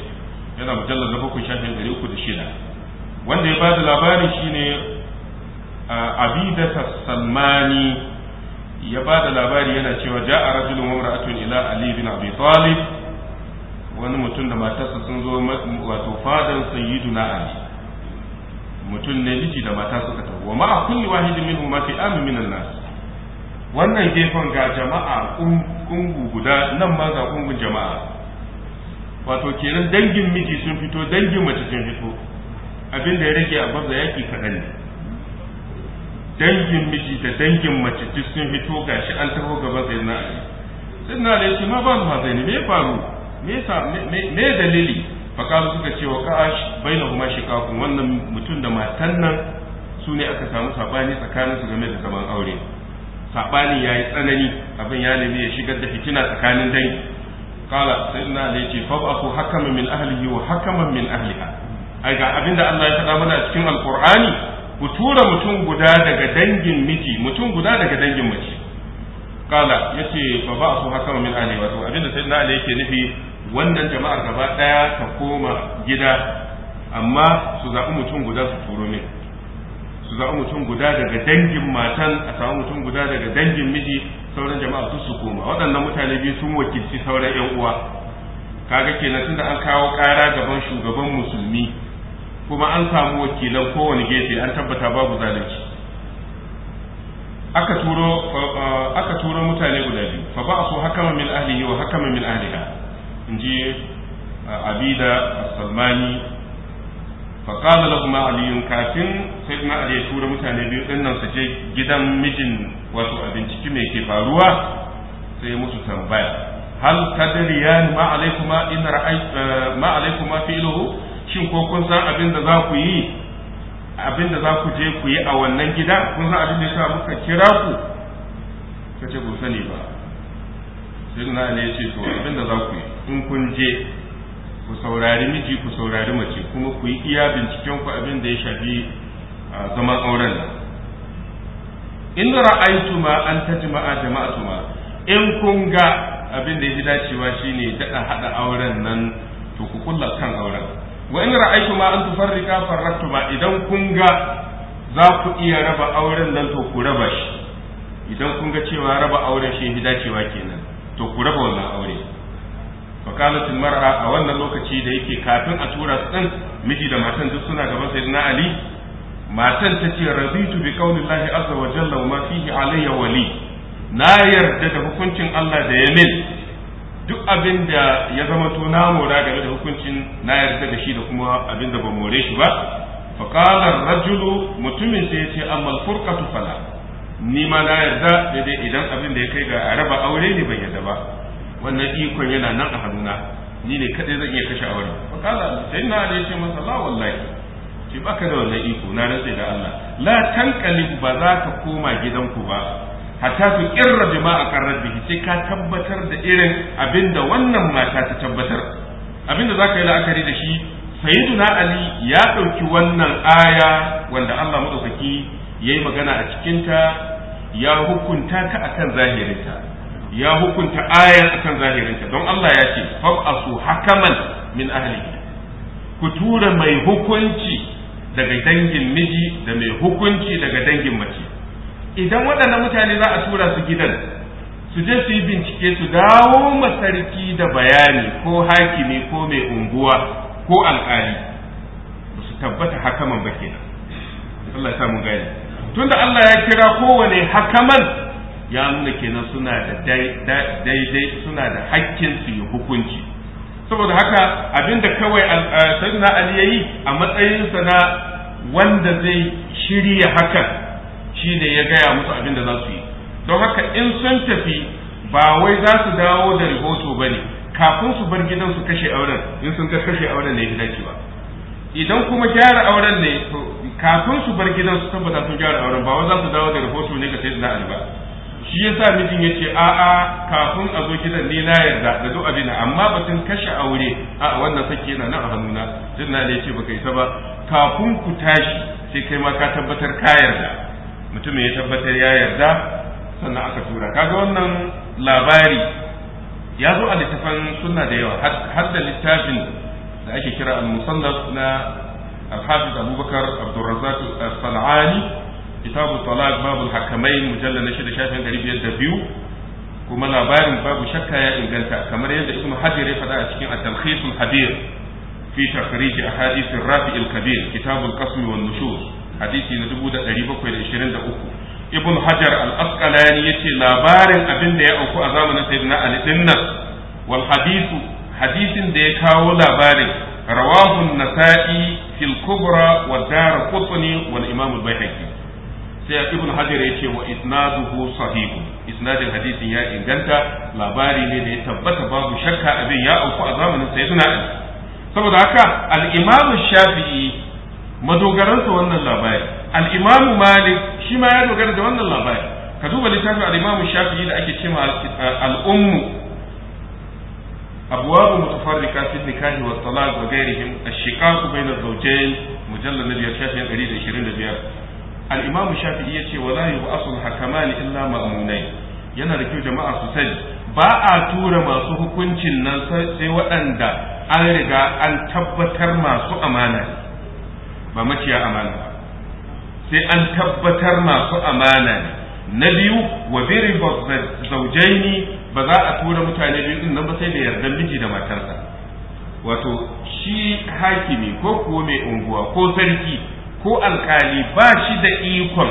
yana mujallal na 7 shafin 306 wanda ya bada labarin shine عبيده salmani ya ba da labari yana cewa ja'a rajulun wa mar'atun ila ali bin abi wani mutum da matarsa sun zo wato fadan sayyiduna ali mutum ne miji da mata suka tafi wa ma'a kulli wahidin minhum ma fi amin minan nas wannan gefen ga jama'a kungu guda nan ma ga kungun jama'a wato kenan dangin miji sun fito dangin mace sun fito abin da ya rage a babza yaki kaɗan ne dangin miji da dangin mace duk sun fito shi an taho gaba zai na ali Sai ali shi ma ba zai ne. me faru me sa me dalili fakalu suka ce wa ka'ash shi kafin wannan mutum da matan nan su ne aka samu sabani su game da zaman aure sabani yayi tsanani abin ya nemi ya shigar da fitina tsakanin dangi qala sayyidina ali ce ku hakama min ahlihi wa hakama min ahliha ai ga abinda Allah ya faɗa mana cikin alqur'ani ku tura mutum guda daga dangin miji mutum guda daga dangin mace kala yace fa ba su haka min ali wato abinda sayyidina ali yake nufi wannan jama'ar gaba daya ta koma gida amma su zaɓi mutum guda su turo min su zaɓi mutum guda daga dangin matan a samu mutum guda daga dangin miji sauran jama'a su su koma waɗannan mutane biyu sun wakilci sauran yan uwa kaga kenan tunda an kawo ƙara gaban shugaban musulmi kuma an samu wakilan kowane gefe an tabbata babu zalunci aka turo eh, aka turo mutane guda biyu fa ba su hakama min ahlihi wa hakama min ahliha inji eh, abida as-salmani fa qala lahum ali kafin sayyidina ali ya tura mutane biyu din nan su je gidan mijin wato abinciki mai ke faruwa sai musu tambaya hal tadriyan ma alaykuma in ra'aytu eh, ma alaykuma fi'luhu shin ko kun san abin da za ku yi abin da za ku je ku yi a wannan gida kun san abin da sa muka kira ku ka ce ku sani ba sai na ne ya ce to abin da za ku yi in kun je ku saurari miji ku saurari mace kuma ku yi iya binciken ku abin da ya shafi ah, zaman auren nan in ma an tajma'a ma, in kun ga abin da ya fi dacewa shine daɗa haɗa auren nan to ku kulla kan auren wa in ra'aytu ma an tufarrika ma idan kun ga za ku iya raba auren nan to ku raba shi idan kun ga cewa raba auren shi fi dacewa kenan to ku raba wannan aure fakalatin mar'a a wannan lokaci da yake kafin a tura su din miji da matan duk suna gaban na ali matan ta ce raditu bi qaulillahi azza wa jalla wa ma fihi alayya wali na yarda da hukuncin Allah da yamin duk abin da ya zama to na mora game da hukuncin na yarda da shi da kuma abin da ban more shi ba fa qala rajulu mutumin sai ce amma furqatu fala ni ma na yarda dai idan abin da ya kai ga araba aure ne ban yarda ba wannan ikon yana nan a hannuna ni ne kadai zan iya kashe aure fa qala sai na yace masa la wallahi ce baka da wannan iko na rantsa da Allah la tanqalib ba za ka koma gidanku ba hatta su kirra jama'a qarrat bihi sai ka tabbatar da irin abinda wannan mata ta tabbatar abinda ka yi la'akari da shi sayyiduna ali ya ɗauki wannan aya wanda Allah madaukaki yayi magana a cikin ta ya hukunta ta akan zahirinta ya hukunta ayar akan zahirinta don Allah ya ce fa'asu hakaman min ahli ku tura mai hukunci daga dangin miji da mai hukunci daga dangin mace idan waɗannan mutane za a tura su gidan su je su yi bincike su dawo masarki da bayani ko hakimi ko mai unguwa ko alƙali ba su tabbata hakaman ba kenan Allah ya mu gani tunda Allah ya kira kowane hakaman ya nuna kenan suna da daidai suna da hakkin su yi hukunci saboda haka abinda kawai eh, sayyidina Ali yayi a matsayinsa na wanda zai shirya hakan Shi ne ya gaya musu abin da za su yi don haka in sun tafi ba wai za su dawo da rahoto ba ne kafin su bar gidan su kashe auren in sun ga kashe auren ne ya ba idan kuma gyara auren ne kafin su bar gidan su tabbata sun gyara auren ba wai za su dawo da rahoto ne ga sai da ba shi yasa mijin yace a a kafin a zo gidan ne na yarda da duk abin amma batun kashe aure a wannan sake yana nan a hannuna sayyidina ne yace baka isa ba kafin ku tashi sai kai ma ka tabbatar ka yarda mutum ya tabbatar ya yarda sannan aka tura kaga wannan labari ya zo a littafan sunna da yawa har da littafin da ake kira al-musannaf na al-hafiz abubakar abdurrazzaq al sanani kitabu talaq babu hakamai mujallal na shida shafin ɗari biyar da biyu kuma labarin babu shakka ya inganta kamar yadda ibnu hajar ya faɗa a cikin at-talkhis al-habir fi takhrij ahadith ar-rafi al-kabir kitab al-qasm nushuz hadisi na uku, ibn hajar al-asqalani ce labarin abin da ya auku a zamanin sayyidina ali din nan wal hadisu hadisin da ya kawo labarin rawahu nasai fil kubra wa dar qutni wal imam al-baihaqi sai ibn hajar ce wa isnaduhu sahihun isnadin hadisin ya inganta labari ne da ya tabbata babu shakka abin ya auku a zamanin sayyidina ali saboda haka al-imam shafi'i madogaransa wannan labari al-imam malik shi ma ya dogara da wannan labari ka duba littafin al-imam shafi'i da ake cewa al-ummu abwabu mutafarriqa fi nikahi wa talaq wa ghairihim ash-shiqaq bayna az-zawjayn mujallad nabiyyi shafi'i 125 al-imam shafi'i yace wala yub'asu hakamani illa ma'munain yana da kyau jama'a su sani ba a tura masu hukuncin nan sai waɗanda an riga an tabbatar masu amana ba maciya amana ba sai an tabbatar masu amana ne na biyu wa birin zaujaini ba za a tura mutane biyu din nan ba sai da yardan miji da matarsa wato shi hakimi ko kuwa mai unguwa ko sarki ko alkali ba shi da ikon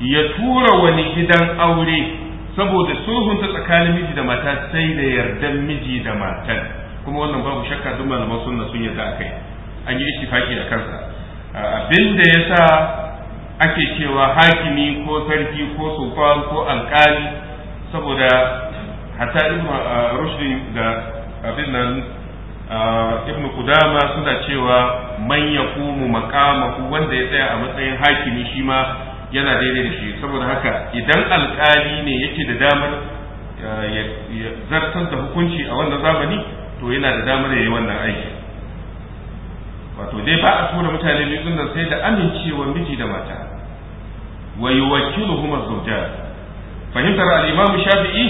ya tura wani gidan aure saboda sulhunta tsakanin miji da mata sai da yardan miji da matar kuma wannan babu shakka duk malaman sunna sun yarda akai an yi faki da kansa abinda ya sa ake cewa hakimi ko sarki ko sufan ko alkali saboda Hata ibn uh, rushdin da abin nan uh, ibn kudama suna cewa man mu makama wanda ya tsaya a matsayin hakimi shi ma yana daidai da shi saboda haka idan alkali ne yake da damar uh, ya zartar da hukunci a wannan zamani to yana da damar ya yi wannan aiki wato dai ba a tura mutane biyu nan sai da amincewar miji da mata wa yuwakkiluhum az-zawjat fahimtar al-imam shafi'i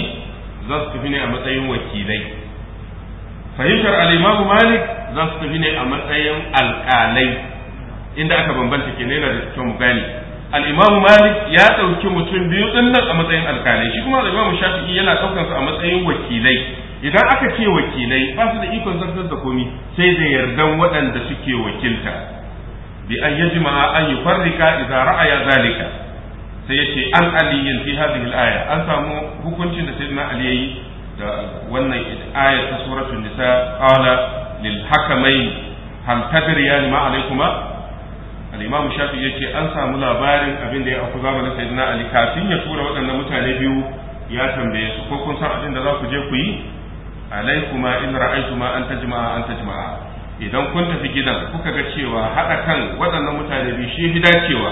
za su tafi ne a matsayin wakilai fahimtar al-imam malik za su tafi ne a matsayin alƙalai inda aka bambanta ke yana da cikin mu gani al malik ya dauki mutum biyu din a matsayin alƙalai shi kuma al-imam shafi'i yana daukan a matsayin wakilai idan aka ce wakilai ba su da ikon zartar da komi sai da yarda waɗanda suke wakilta bi an yajma an yufarrika idza ra'aya zalika sai yace an aliyin fi hadhihi al-aya an samu hukuncin da sayyidina ali yayi da wannan ayat ta suratul nisa qala lil hakamain hal tadriyan ma alaykuma al-imam shafi yace an samu labarin abin da ya auku zamanin sayyidina ali kafin ya tura waɗannan mutane biyu ya tambaye su ko kun san abin da za ku je ku yi alaikuma in ra'aytuma an tajma'a an tajma'a idan kun tafi gidan kuka ga cewa hada kan waɗannan mutane biyu shi fi dacewa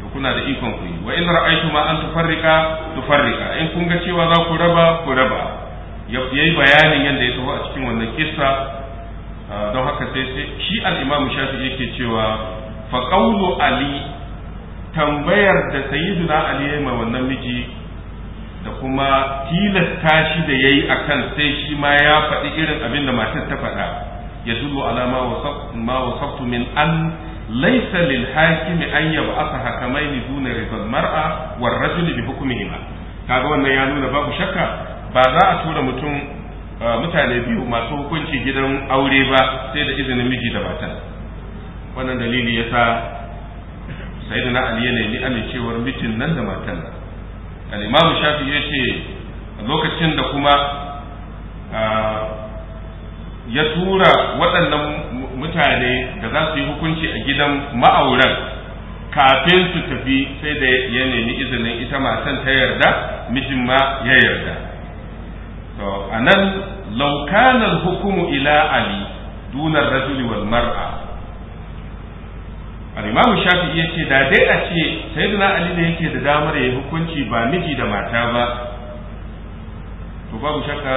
to kuna da ikon ku yi wa in ra'aytuma an tufarrika tufarrika in kun ga cewa za ku raba ku raba yayi bayanin yadda ya taho a cikin wannan kissa don haka sai shi al-Imam Shafi'i yake cewa fa qawlu ali tambayar da sayyiduna ali ya ma wannan miji da kuma tilasta shi da yayi akan sai shi ma ya faɗi irin abin da matar ta faɗa ya dullu ala ma wasaftu min an laysa lil hakimi an yab'atha hakamaini duna ribal mar'a war rajul bi hukmihima kaga wannan ya nuna babu shakka ba za a tura mutum uh, mutane biyu masu hukunci gidan aure ba sai da izinin miji da mata wannan dalili yasa sayyidina ali ya nemi amincewar mijin nan da matan al-imam shafi yace lokacin da kuma ya tura waɗannan mutane da za su yi hukunci a gidan ma'auran kafin su tafi sai da ya nemi izinin ita matan ta yarda mijin ma ya yarda to anan laukanar hukumu ila ali dunar rajuli wal mar'a al-imamu shafi'i yace da dai a ce sayyidina ali da yake da damar ya hukunci ba miji da mata ba to babu shakka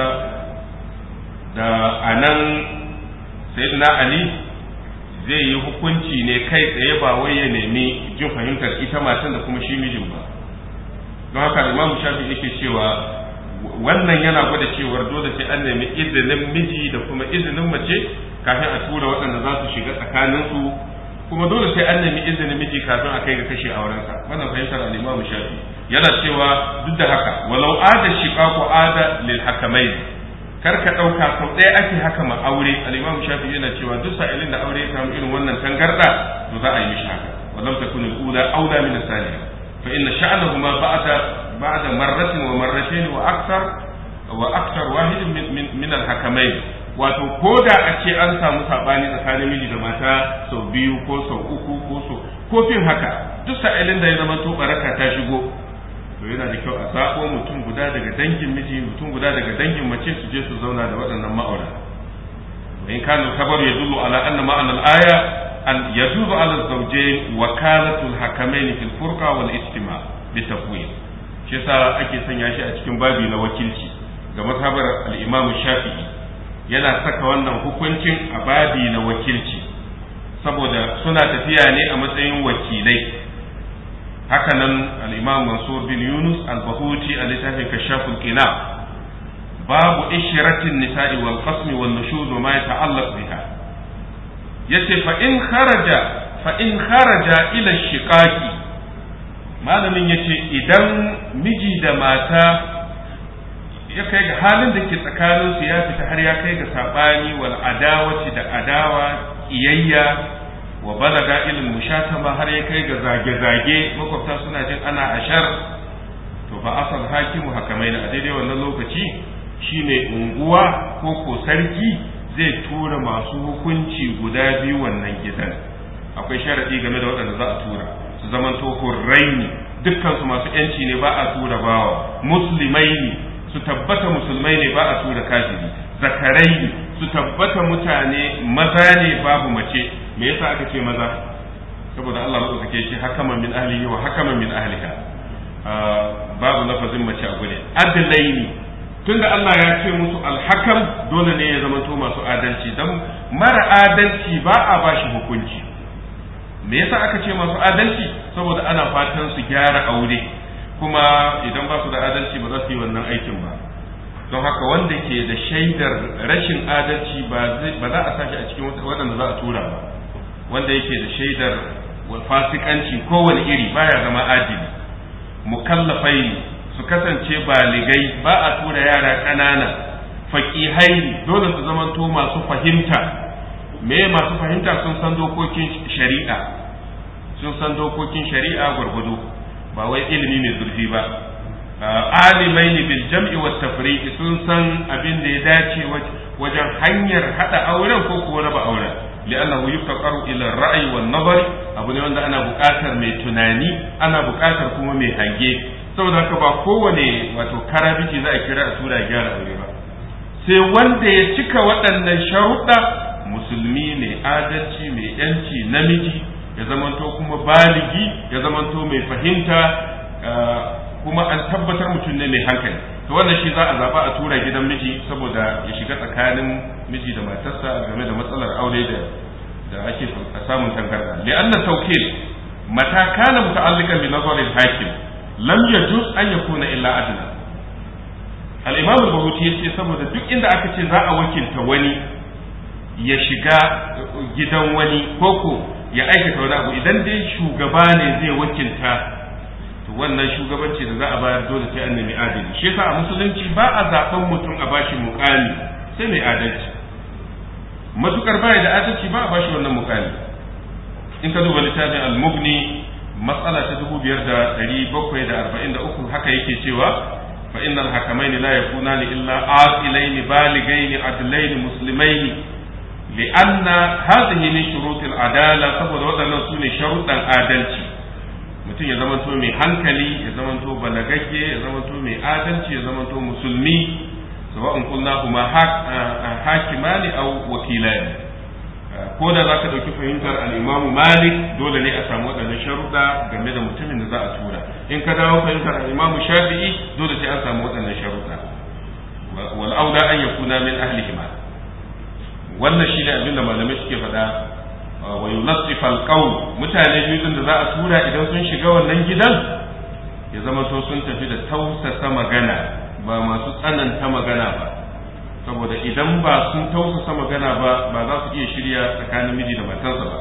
da anan sayyidina ali zai yi hukunci ne kai tsaye ba wai ya nemi jin fahimtar ita matan da kuma shi mijin ba don haka imamu shafi'i yake cewa wannan yana gwada cewar dole sai an nemi izinin miji da kuma izinin mace kafin a tura waɗanda za su shiga tsakaninsu kuma dole sai an nemi izinin miji kafin a kai ga kashe aurensa wannan fahimtar al-Imam Shafi yana cewa duk da haka walau ada shiqaqu ada lil hakamai kar ka dauka sau ɗaya ake haka ma aure al-Imam Shafi yana cewa duk sa'ilin da aure ya samu irin wannan tangarda to za a yi mishi haka walam takun al-ula aula min al-thaniya fa inna sha'nahuma ba'da ba'da marratin wa marratayn wa akthar wa akthar wahidin min min al-hakamain wato ko da a ce an samu saɓani tsakanin miji da mata sau biyu ko sau uku ko so, ko fin haka duk sa'ilin da ya zama to baraka ta shigo to yana da kyau a sako mutum guda daga dangin miji mutum guda daga dangin mace su je su zauna da waɗannan ma'aura wa Kabar kana sabar yadullu ala anna ma'ana aya an yajuzu ala zauje wakalatu al fil furqa wal istima bi tafwid shi yasa ake sanya shi a cikin babi na wakilci ga mazhabar al-imam shafi'i yana saka wannan hukuncin a babi na wakilci saboda suna tafiya ne a matsayin wakilai hakanan al'imam mansur bin yunus al-bahuti a littafin kashafin kina babu ishiratin nisa'i wal qasmi wal nushuz ma yata'allaq biha yace fa in kharaja fa in kharaja ila shiqaqi malamin yace idan miji da mata ya kai ga halin da ke tsakanin su ya fita har ya kai ga sabani wal adawati da adawa iyayya wa balaga mushata mushatama har ya kai ga zage-zage makwabta suna jin ana ashar to fa asal hakimu hakamai na a daidai wannan lokaci shine unguwa ko ko sarki zai tura masu hukunci guda biyu wannan gidan akwai sharadi game da waɗanda za a tura su zaman to hurrai ne dukkan su masu yanci ne ba a tura bawa musulmai ne su tabbata musulmai ne ba a tura kafiri zakarai su tabbata mutane maza ne babu mace me yasa aka ce maza saboda Allah ya madaukake shi hakaman min ahlihi wa hakaman min ahliha ah, babu lafazin mace a gure adlaini tunda Allah ya ce musu alhakam dole ne ya zama to masu adalci dan mara adalci ba a bashi hukunci me yasa aka ce masu adalci saboda ana fatan su gyara aure kuma idan ba su da adalci ba za su yi wannan aikin ba don haka wanda ke da shaidar rashin adalci ba za a sashi a cikin waɗanda za a tura ba wanda yake da shaidar fasikanci kowane iri baya zama adili mukallafai su kasance baligai ba a tura yara ƙanana faƙihai dole su zamanto masu fahimta me masu fahimta sun san dokokin shari'a sun san dokokin shari'a gwargwado ba wai ilimi mai zurfi ba ah, alimai ne bil jam'i wa sun san abin da ya dace wajen hanyar hada auren ko kuwa raba auren li'annahu yuftaqaru ila ra'ayi wan nazar abu ne wanda ana buƙatar mai tunani ana buƙatar kuma mai hange saboda haka ba kowane wato karabiki za a kira a gyara aure ba sai wanda ya cika waɗannan sharuɗa musulmi mai adalci mai yanci namiji ya zamanto kuma baligi ya zamanto mai fahimta eh, kuma an tabbatar mutum ne mai hankali to wannan shi za a zaba a tura gidan miji saboda ya shiga tsakanin miji da matarsa game da matsalar aure da da ake samun tangarda anna tawkil mata kana muta'alliqan bi nazar hakim lam yajuz an yakuna illa adna al-imam al-bahuti yace saboda duk inda aka ce za a wakilta wani ya shiga gidan wani koko ya aikata wani abu idan dai shugaba ne zai wakilta to wannan shugabanci da za a bayar dole sai an nemi adalci shi yasa a musulunci ba a zaben mutum a bashi mukami sai mai adalci matukar baya da adalci ba a bashi wannan mukami in ka duba littafin al-mubni matsala ta dubu biyar da ɗari bakwai da arba'in da uku haka yake cewa fa innal hakamaini la yakuna illa aqilaini baligaini adlaini muslimaini li'anna hadhihi min shurutil adala saboda waɗannan su ne sharuɗan adalci mutum ya zamanto mai hankali ya zamanto balagagge ya zamanto mai adalci ya zamanto musulmi sawa'un kunna kuma au wakila wakilani ko da zaka ɗauki fahimtar al'imamu Malik dole ne a samu waɗannan sharuɗa game da mutumin da za a tura in ka dawo fahimtar al'imamu Shafi'i dole sai an samu waɗannan sharuɗa wal'auda an an yakuna min ahlihima wannan shine abinda malamai suke faɗa wa yunasifal alqaw mutane biyu da za a tura idan sun shiga wannan gidan ya zama to sun tafi da tausasa magana ba masu tsananta magana ba saboda idan ba sun tausasa magana ba ba za su iya shirya tsakanin miji da matarsa ba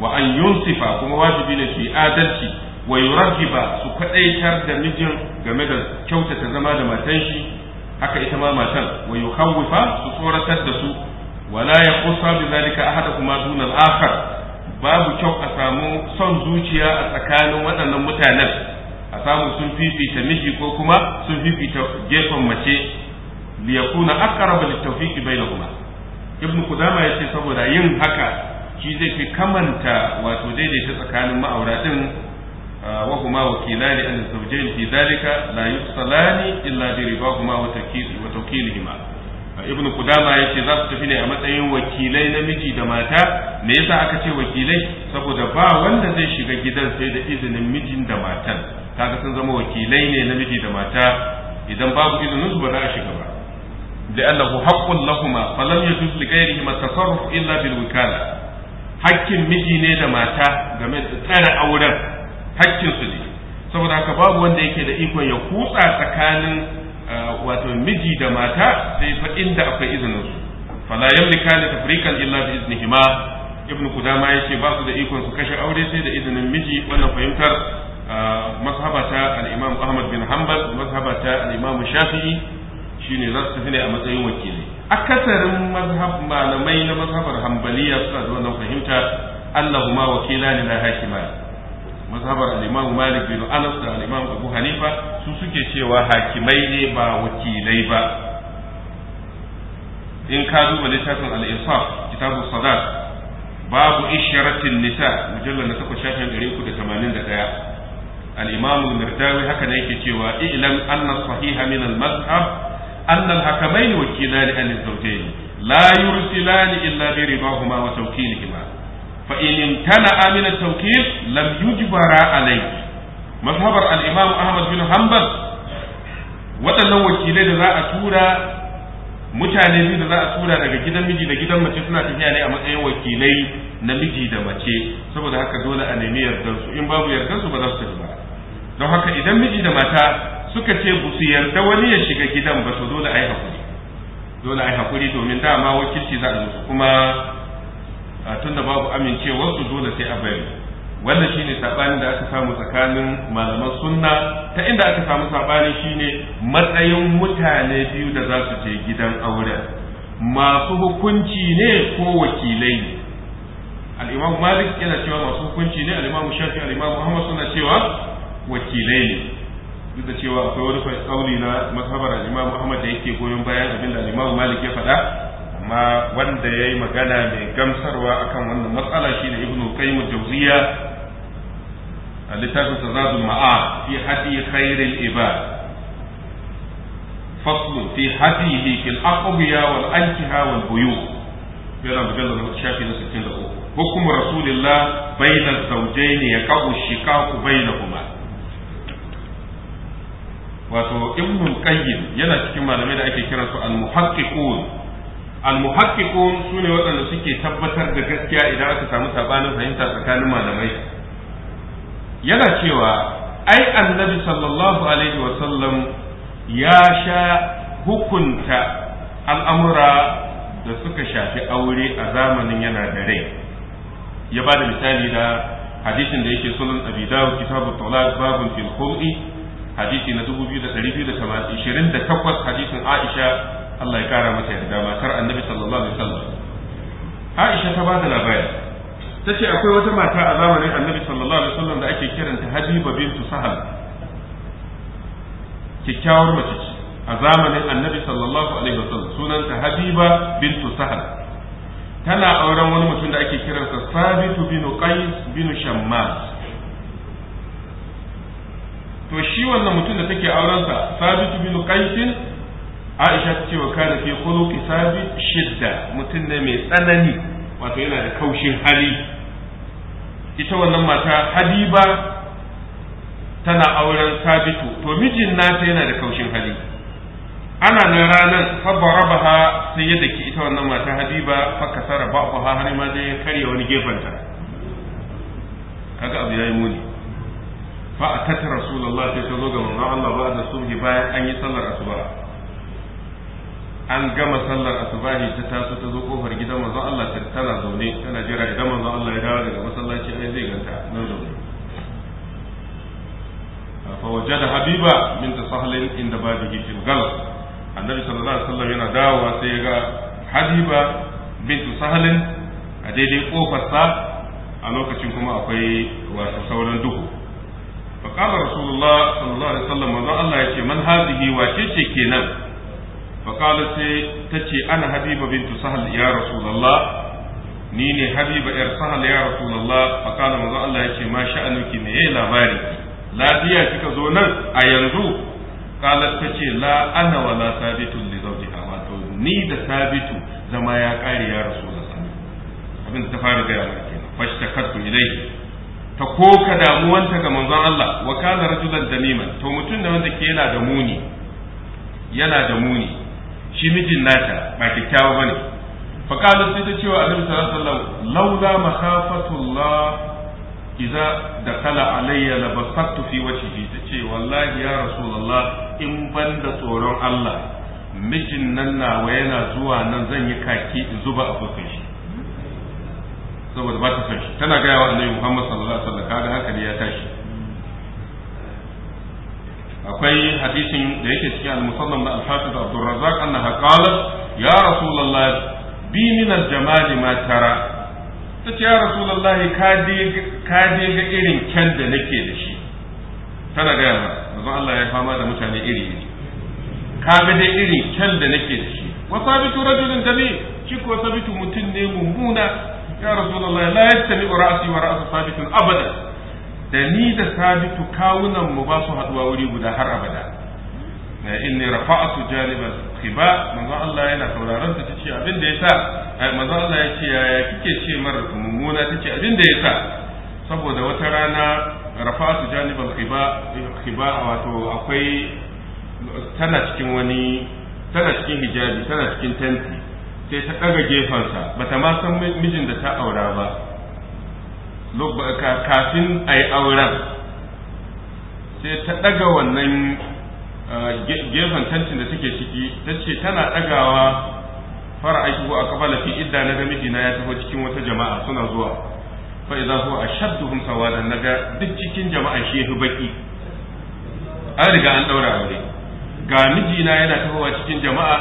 wa an yunsifa kuma wajibi ne su yi adalci wa yuraggiba su kwadaitar da mijin game da kyautata zama da matan shi haka ita ma matan wa yukhawwifa su tsoratar da su wala ya kusa bi zalika ahada kuma duna al babu kyau a samu son zuciya a tsakanin waɗannan mutanen a samu sun fifita miji ko kuma sun fifita gefen mace li yakuna aqrab lit-tawfiq bainahuma ibn ya yace saboda yin haka shi zai fi kamanta wato daidaita tsakanin ma'auratin fi وكيلان la الزوجين illa ذلك لا يفصلان إلا برباهما وتوكيلهما ibnu kudama yace za su tafi ne a matsayin wakilai na miji da mata me yasa aka ce wakilai saboda ba wanda zai shiga gidan sai da izinin mijin da matan kaga sun zama wakilai ne na miji da mata idan babu izinin su ba za a shiga ba hu, lam yajuz li فلم يجوز tasarruf illa bil بالوكالة hakkin miji ne da mata game da tsara auren hakkin su ne saboda haka babu wanda yake da ikon ya kutsa tsakanin wato miji da mata sai fa inda akwai izinin su fala yamlika li tafriqan illa bi iznihima ibn kudama yace ba su da ikon su kashe aure sai da izinin miji wannan fahimtar ta al-imam ahmad bin hanbal ta al-imam shafi'i shine zasu tafi ne a matsayin wakili akasarin mazhab malamai na mazhabar hanbaliya suna da wannan fahimta allahuma wakilani la hakimani mazhabar al-Imam Malik bin Anas da al-Imam Abu Hanifa su suke cewa hakimai ne ba wakilai ba in ka duba littafin al-Insaf kitabu Sadat babu isharatin nisa mujallal na 8 shafin da al-Imam al-Mirdawi haka ne yake cewa ilam anna sahiha min al-mazhab anna al-hakamain wakilan al-zawjayn la yursilani illa bi ridahuma wa tawkilihima fa in imtana Amina at-tawkil lam yujbara alayhi mazhabar al-imam ahmad bin hanbal waɗannan wakilai da za a tura mutane biyu da za a tura daga gidan miji da gidan mace suna tafiya ne a matsayin wakilai na miji da mace saboda haka dole a nemi yardar su in babu yardar su ba za su tafi ba don haka idan miji da mata suka ce ba su yarda wani ya shiga gidan ba to dole a yi hakuri dole a yi hakuri domin dama wakilci za a zo kuma tunda babu amincewar su dole sai a bayyana wannan shine sabanin da aka samu tsakanin malaman sunna ta inda aka samu sabanin shine matsayin mutane biyu da za su je gidan auren masu hukunci ne ko wakilai al-imam malik yana cewa masu hukunci ne al-imam shafi al-imam muhammad suna cewa wakilai ne duk da cewa akwai wani kauli na mazhabar al-imam muhammad da yake goyon bayan abin da al-imam malik ya faɗa amma wanda ya yi magana mai gamsarwa akan wannan matsala shi ne ibnu qayyim jawziya a littafin tazadul ma'a fi hadi khairil ibad faslu fi hadihi fil aqbiya wal ankiha wal buyu yana mujallal shafi na da 63 hukum rasulillah bayna zawjayn yaqau shikaku bainahuma wato ibnu qayyim yana cikin malamai da ake kiransu al muhaqqiqun almuhaqqiqun sune waɗanda suke tabbatar da gaskiya idan aka samu sabanin fahimta tsakanin malamai yana cewa ai annabi sallallahu alaihi wa sallam ya sha hukunta al'amura da suka shafi aure a zamanin yana da rai ya ba da misali da hadisin da yake sunan abi dawud kitabu talaq babun fil khulqi hadisi na 2228 hadisin aisha Allah ya kara mata yarda matar annabi sallallahu alaihi wasallam Aisha ta bada labari ta ce akwai wata mata a zamanin annabi sallallahu alaihi wasallam da ake kiranta Habiba bintu Sahal kyakkyawar mace ce a zamanin annabi sallallahu alaihi wasallam sunanta Habiba bintu Sahal tana auren wani mutum da ake kiransa Sabitu bin Qais bin Shammas to shi wannan mutum da take aurensa Sabitu bin Qais aisha ta ce wa kana fi kullu kisabi shidda mutum ne mai tsanani wato yana da kaushin hali ita wannan mata habiba tana auren sabitu to mijin nata yana da kaushin hali ana nan ranar fabarabaha sai yadda ki ita wannan mata habiba fa kasara ba'daha har ma dai ya karya wani gefenta kaga abu yayi muni fa atat rasulullahi sai ta zo ga manzon Allah ba da subhi bayan an yi sallar asuba an gama sallar asubahi ta taso ta zo kofar gidan manzon Allah ta tana zaune tana jira idan manzon Allah ya dawo daga masallaci ai zai ganta nan zaune fa wajada habiba min tasahlin inda babihi fil ghalab annabi sallallahu alaihi wasallam yana dawowa sai ya ga habiba bin tasahlin a daidai kofar sa a lokacin kuma akwai wato sauran duhu fa qala rasulullah sallallahu alaihi wasallam manzon Allah yake man hadhihi wace ce kenan faƙala sai ta ana habiba bintu sahal ya rasulallah ni ne habiba yar sahal ya rasulallah faƙala manzo Allah ya ma sha'anuki me labari lafiya kika zo nan a yanzu qalat ta ce la ana wa la sabitu li zawjiha wato ni da sabitu zama ya ƙare ya rasulullah abin ta fara gaya mana kenan fashtakatu ilayhi ta koka damuwanta ga manzon Allah wa kana rajulan damiman to mutum ne wanda ke yana da muni yana da muni shi mijin nata ba kyakkyawa bane fa qalu sai ta cewa annabi sallallahu alaihi wasallam laula makhafatullah idza dakala alayya la basattu fi wajhihi ta ce wallahi ya rasulullah in banda tsoron Allah mijin nan nawa yana zuwa nan zan yi kaki in zuba a fuskar shi saboda ba ta fashi tana gaya wa annabi Muhammad sallallahu alaihi wasallam kaga hankali ya tashi akwai hadisin da yake cikin al-musallam da al-hafiz Abdul Razzaq annaha qala ya rasulullah bi min al-jamal ma tara tace ya rasulullah kadi kadi ka ga irin kyan da nake da shi tana ga yana manzon Allah ya fama da mutane iri iri ka ga dai irin kyan da nake da shi wa sabitu rajulin jamil shi ko sabitu mutum ne mummuna ya rasulullah la yastami ra'si wa ra'su sabitun abadan da ni da sabitu kawunan mu ba su haduwa wuri guda har abada na inni rafa'atu janiban khiba manzo Allah yana tauraron ta tace abin da yasa eh, manzo Allah ya ce yaya kike ce mar mummuna tace abin da yasa saboda wata rana rafa'atu janiban khiba khiba wato akwai tana cikin wani tana cikin hijabi tana cikin tanti sai ta daga gefansa bata ma san mijin da ta aura ba kafin a yi auren sai ta ɗaga wannan ah, gefen tantin da take ciki ta ce tana ɗagawa fara aiki ko a kafa fi idda na ga mijina ya taho cikin wata jama'a suna zuwa fa a huwa ashadduhum sawadan naga duk cikin jama'a shi yafi baki an riga an daura aure ga mijina yana tahowa cikin jama'a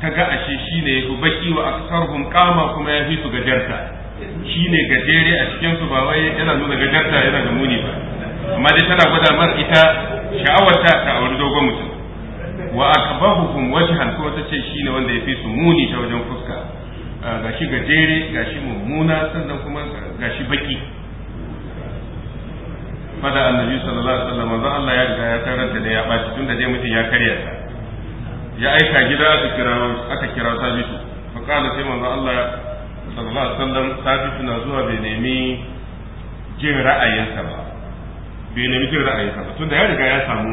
ta ga ashe shine yafi baki wa aksaruhum qama kuma yafi su gajarta shine gajere a cikin su ba wai yana nuna gajarta yana da muni ba amma dai tana gwada mar ita sha'awarta ta auri dogon mutum wa akbahukum wajhan ko ta ce shine wanda yafi su muni ta wajen fuska ga shi gajere ga shi mummuna sannan kuma ga shi baki fada annabi sallallahu alaihi wasallam manzo Allah ya riga ya taranta da ya baci da dai mutum ya karya ta ya aika gida aka kira aka kira sabitu fa kana sai manzo Allah sallallahu alaihi wasallam sabitu na zuwa bai nemi jin ra'ayinsa ba bai nemi jin ra'ayinsa ba tunda ya riga ya samu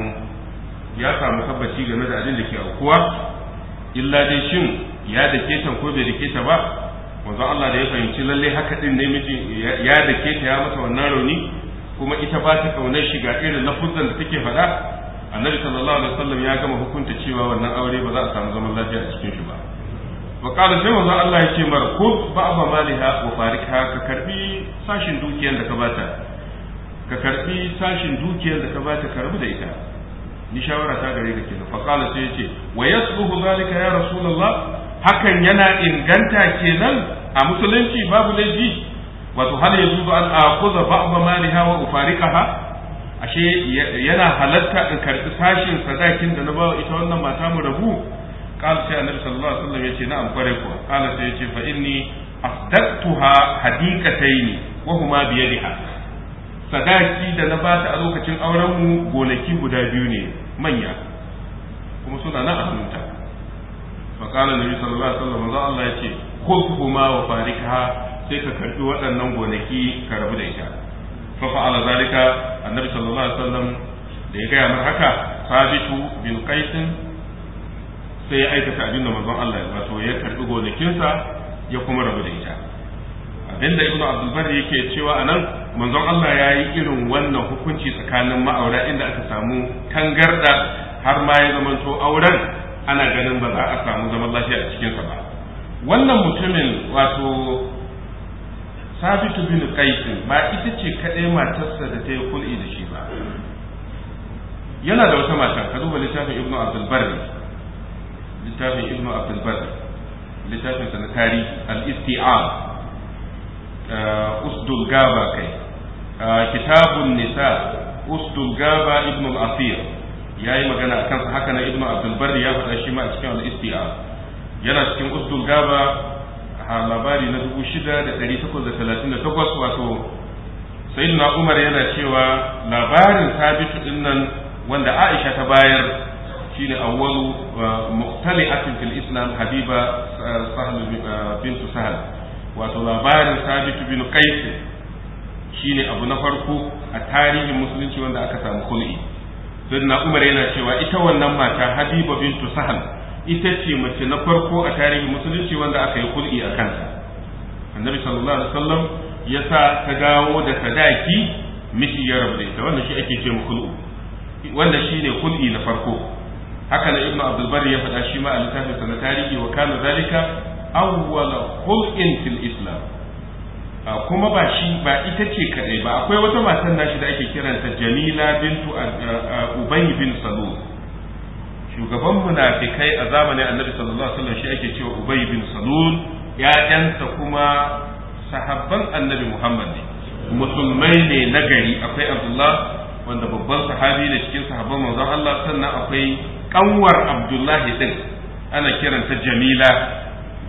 ya samu tabbaci game da abin da ke aukuwa illa dai shin ya dake ta ko bai dake ta ba manzon Allah da ya fahimci lalle haka din ne miji ya dake ta ya masa wannan rauni kuma ita ba ta kaunar shi ga irin lafuzan da take faɗa annabi sallallahu alaihi wasallam ya gama hukunta cewa wannan aure ba za a samu zaman lafiya a cikin shi ba wa qala sai manzo Allah yake markub ba'da maliha wa farikha ka karbi sashin dukiyar da ka bata ka karbi sashin dukiyar da ka bata ka rabu da ita ni shawara ta gare ka kenan fa qala sai yace wa yasluhu zalika ya rasulullah hakan yana inganta kenan a musulunci babu laifi wato hal yajuzu an akhudha ba'da maliha wa ufarikaha ashe yana halatta in karbi sashin sadakin da na bawa ita wannan mata mu rabu qala sai annabi sallallahu alaihi wasallam yace na'am kware kuwa qala sai yace fa inni afdaktuha hadiqataini wa huma bi yadiha sadaki da na bata a lokacin aurenmu gonaki guda biyu ne manya kuma suna na a hannunta fa qala nabi sallallahu alaihi wasallam manzo Allah yace kuma wa farikaha sai ka karbi waɗannan gonaki ka rabu da ita fa fa'ala zalika annabi sallallahu alaihi wasallam da ya gaya mar haka sabitu bin qaisin sai ya aikata abin da manzon Allah wato ya karbi gonakinsa ya kuma rabu da ita Abinda da ibnu abdulbar yake cewa anan manzon Allah ya yi irin wannan hukunci tsakanin ma'aura inda aka samu tangarda har ma ya zamanto auren ana ganin ba za a samu zaman lafiya a cikinsa ba wannan mutumin wato sabitu bin qaisin ba ita ce kadai matarsa da ta yi kul'i da shi ba yana da wata mata ka duba littafin ibnu abdul bari littafin ibn abdul littafin sa na tarihi al-isti'ab uh, usdul gaba kai uh, kitabun nisa usdul gaba ibn al-asir yayi magana akan sa haka na ibn abdul bar ya faɗa shi ma a cikin al-isti'ab yana cikin usdul gaba a labari na 6838 wato sayyidina umar yana cewa labarin sabitu din nan wanda aisha ta bayar shine awwalu muhtali'atin fil islam habiba sahal uh, bintu sahal wato labarin sabit bin qais shine abu na farko a tarihin musulunci wanda aka samu kulli na umar yana cewa ita wannan mata habiba bintu sahal ita ce mace na farko a tarihin musulunci wanda aka yi kulli a kansa annabi sallallahu alaihi wasallam ya sa ta dawo da sadaki miji ya rabu da ita wannan shi ake ce mu kul'u Wannan shi ne kul'i na farko haka na ibnu abdul bari ya faɗa shi ma a littafin sa na tarihi wa kana zalika awwala khulqin fil islam kuma ba shi ba ita ce kadai ba akwai wata matan nashi da ake kiranta jamila bintu ubay bin salul shugaban munafikai a zamanin annabi sallallahu alaihi wasallam shi ake cewa ubay bin salul ya'yansa kuma sahabban annabi muhammad ne musulmai ne na gari akwai abdullah wanda babban sahabi ne cikin sahabban manzon Allah sannan akwai kanwar abdullahi din ana kiranta jamila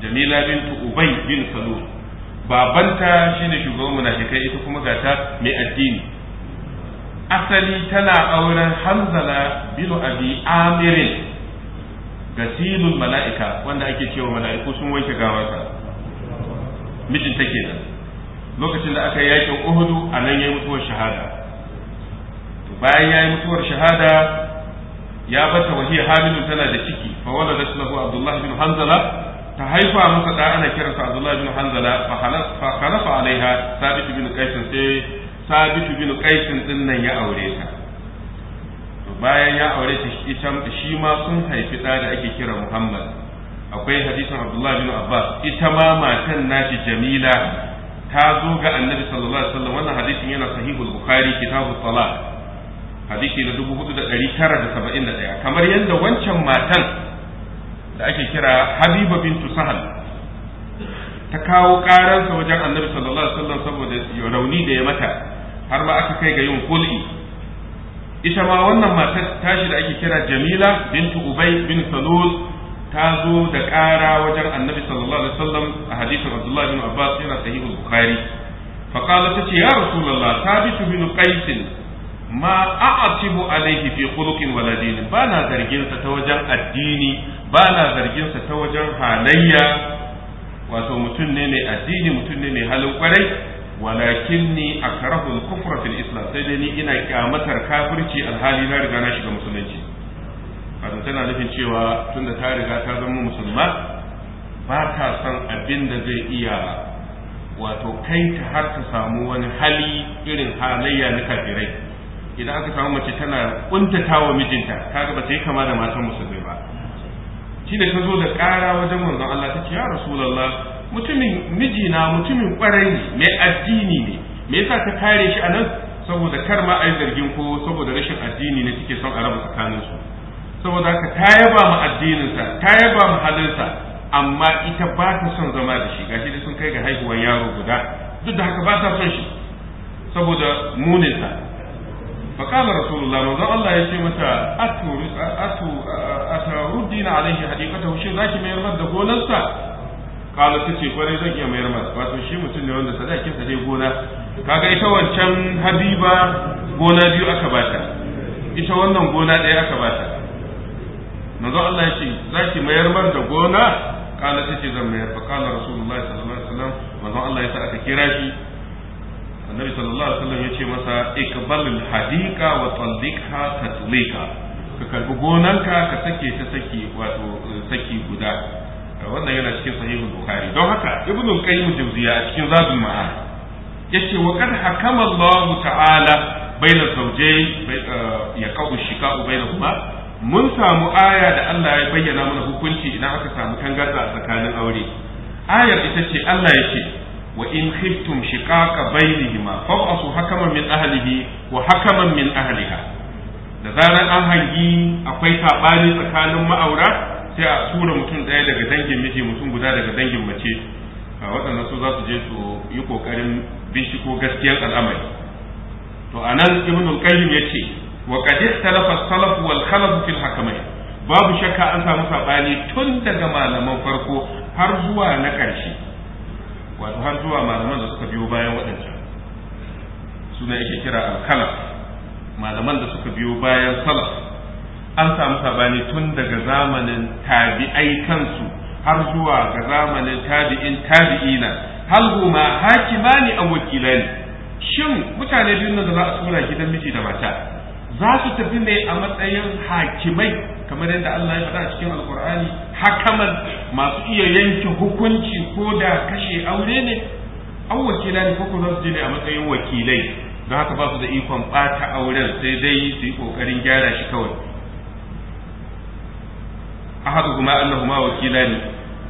jamila bintu ubay bin salul babanta shine shugaban munafikai ita kuma gata mai addini asali tana auren hamzala bin abi amir gasilul mala'ika wanda ake cewa mala'iku sun wanke gawarsa mijinta da. lokacin da aka yi yakin uhudu a nan ya yi mutuwar shahada bayan ya mutuwar shahada ya bata wa hiya tana da ciki fa waladat lahu abdullah bin hanzala ta haifa masa da ana kiransa abdullah bin hanzala fa halas fa alaiha sabit bin qais sai sabit bin qais din nan ya aure ta to bayan ya aure ta shi ma sun haifi da da ake kira muhammad akwai hadisin abdullah bin abbas ita ma matan nashi jamila ta zo ga annabi sallallahu alaihi wasallam wannan hadisin yana sahihul bukhari kitabut talaq hadisi na dubu hudu da ɗari tara da saba'in da ɗaya kamar yadda wancan matan da ake kira habiba bintu sahal ta kawo ƙaransa wajen annabi sallallahu alaihi wasallam saboda rauni da ya mata har ma aka kai ga yin kul'i ita ma wannan matar tashi da ake kira jamila bintu ubay bin salul ta zo da ƙara wajen annabi sallallahu alaihi wasallam a hadisin abdullahi bin abbas yana sahihul bukhari فقالت يا رسول الله ثابت بن قيس ma a'tibu alaihi fi khuluqin wala dinin ba na zargin sa ta wajen addini ba na zargin sa ta wajen halayya wato mutum ne mai addini mutum ne mai halin kwarai walakin ni akrahu al-kufra fil islam sai dai ni ina kyamatar kafirci alhali na riga na shiga musulunci wato tana nufin cewa tunda ta riga ta zama musulma ba ta san abin da zai iya wato kai ta har ta samu wani hali irin halayya na kafirai idan aka samu mace tana kuntatawa mijinta kaga ba ta yi kama da matan musulmi ba shi da ta zo da kara wajen manzon Allah ta ce ya rasulullah mutumin mijina mutumin kwarai ne mai addini ne me yasa ta kare shi anan saboda kar ma ai zargin ko saboda rashin addini ne suke son a raba tsakanin su saboda haka ta yaba mu addininsa ta yaba mu halinsa amma ita ba ta son zama da shi gashi da sun kai ga haihuwar yaro guda duk da haka ba ta son shi saboda muninsa فقال رسول الله manzon Allah ya ce mata atu atu atarudin alaihi hadiqatahu zaki mayar masa da gonarsa kala tace kwarai zan iya mayar masa wato shi mutum ne wanda sadakin sa dai gona kaga ita wancan habiba gona biyu aka bata ita wannan gona ɗaya aka bata manzon Allah ya ce zaki mayar masa da gona kala tace zan mayar fa kala rasulullahi sallallahu alaihi wasallam manzon Allah ya sa aka kira shi annabi sallallahu alaihi wasallam yace masa ikbalul hadika wa tandikha tatlika ka karbi gonanka ka sake ta saki wato saki guda wannan yana cikin sahihul bukhari don haka ibnu qayyim jawziya a cikin zabin ma'a yace wa kad hakama Allah ta'ala bayna zawjayn uh, ya qau shika'u bainahuma mun samu aya da Allah ya bayyana mana hukunci idan aka samu tangarda a tsakanin aure ayar ita ce Allah yake wa in khiftum shiqaqa bainihima fab'asu hakaman min ahlihi wa hakaman min ahliha da zaran an hangi akwai saɓani tsakanin ma'aura sai a tura mutum ɗaya daga dangin miji mutum guda daga dangin mace a waɗannan su za su je su yi kokarin binciko gaskiyar al'amari to anan ibnul qayyim yace wa qad istalafa salaf wal khalaf fil hakamain babu shakka an samu saɓani tun daga malaman farko har zuwa na ƙarshe wato har zuwa malaman da suka biyo bayan waɗancan suna yake kira Alkala, malaman da suka biyo bayan salaf an samu sabani tun daga zamanin tabi'ai kansu har zuwa ga zamanin tabi'in tabi'ina hal huma hakimani a wakilani shin mutane biyun da za a tura gidan miji da mata za su tafi ne a matsayin hakimai kamar yadda Allah ya faɗa cikin alkur'ani hakaman masu iya yanke hukunci ko da kashe aure ne an wakila ne koko za su je ne a matsayin wakilai don haka ba su da ikon ɓata auren sai dai su yi ƙoƙarin gyara shi kawai A haka kuma ma wakila ne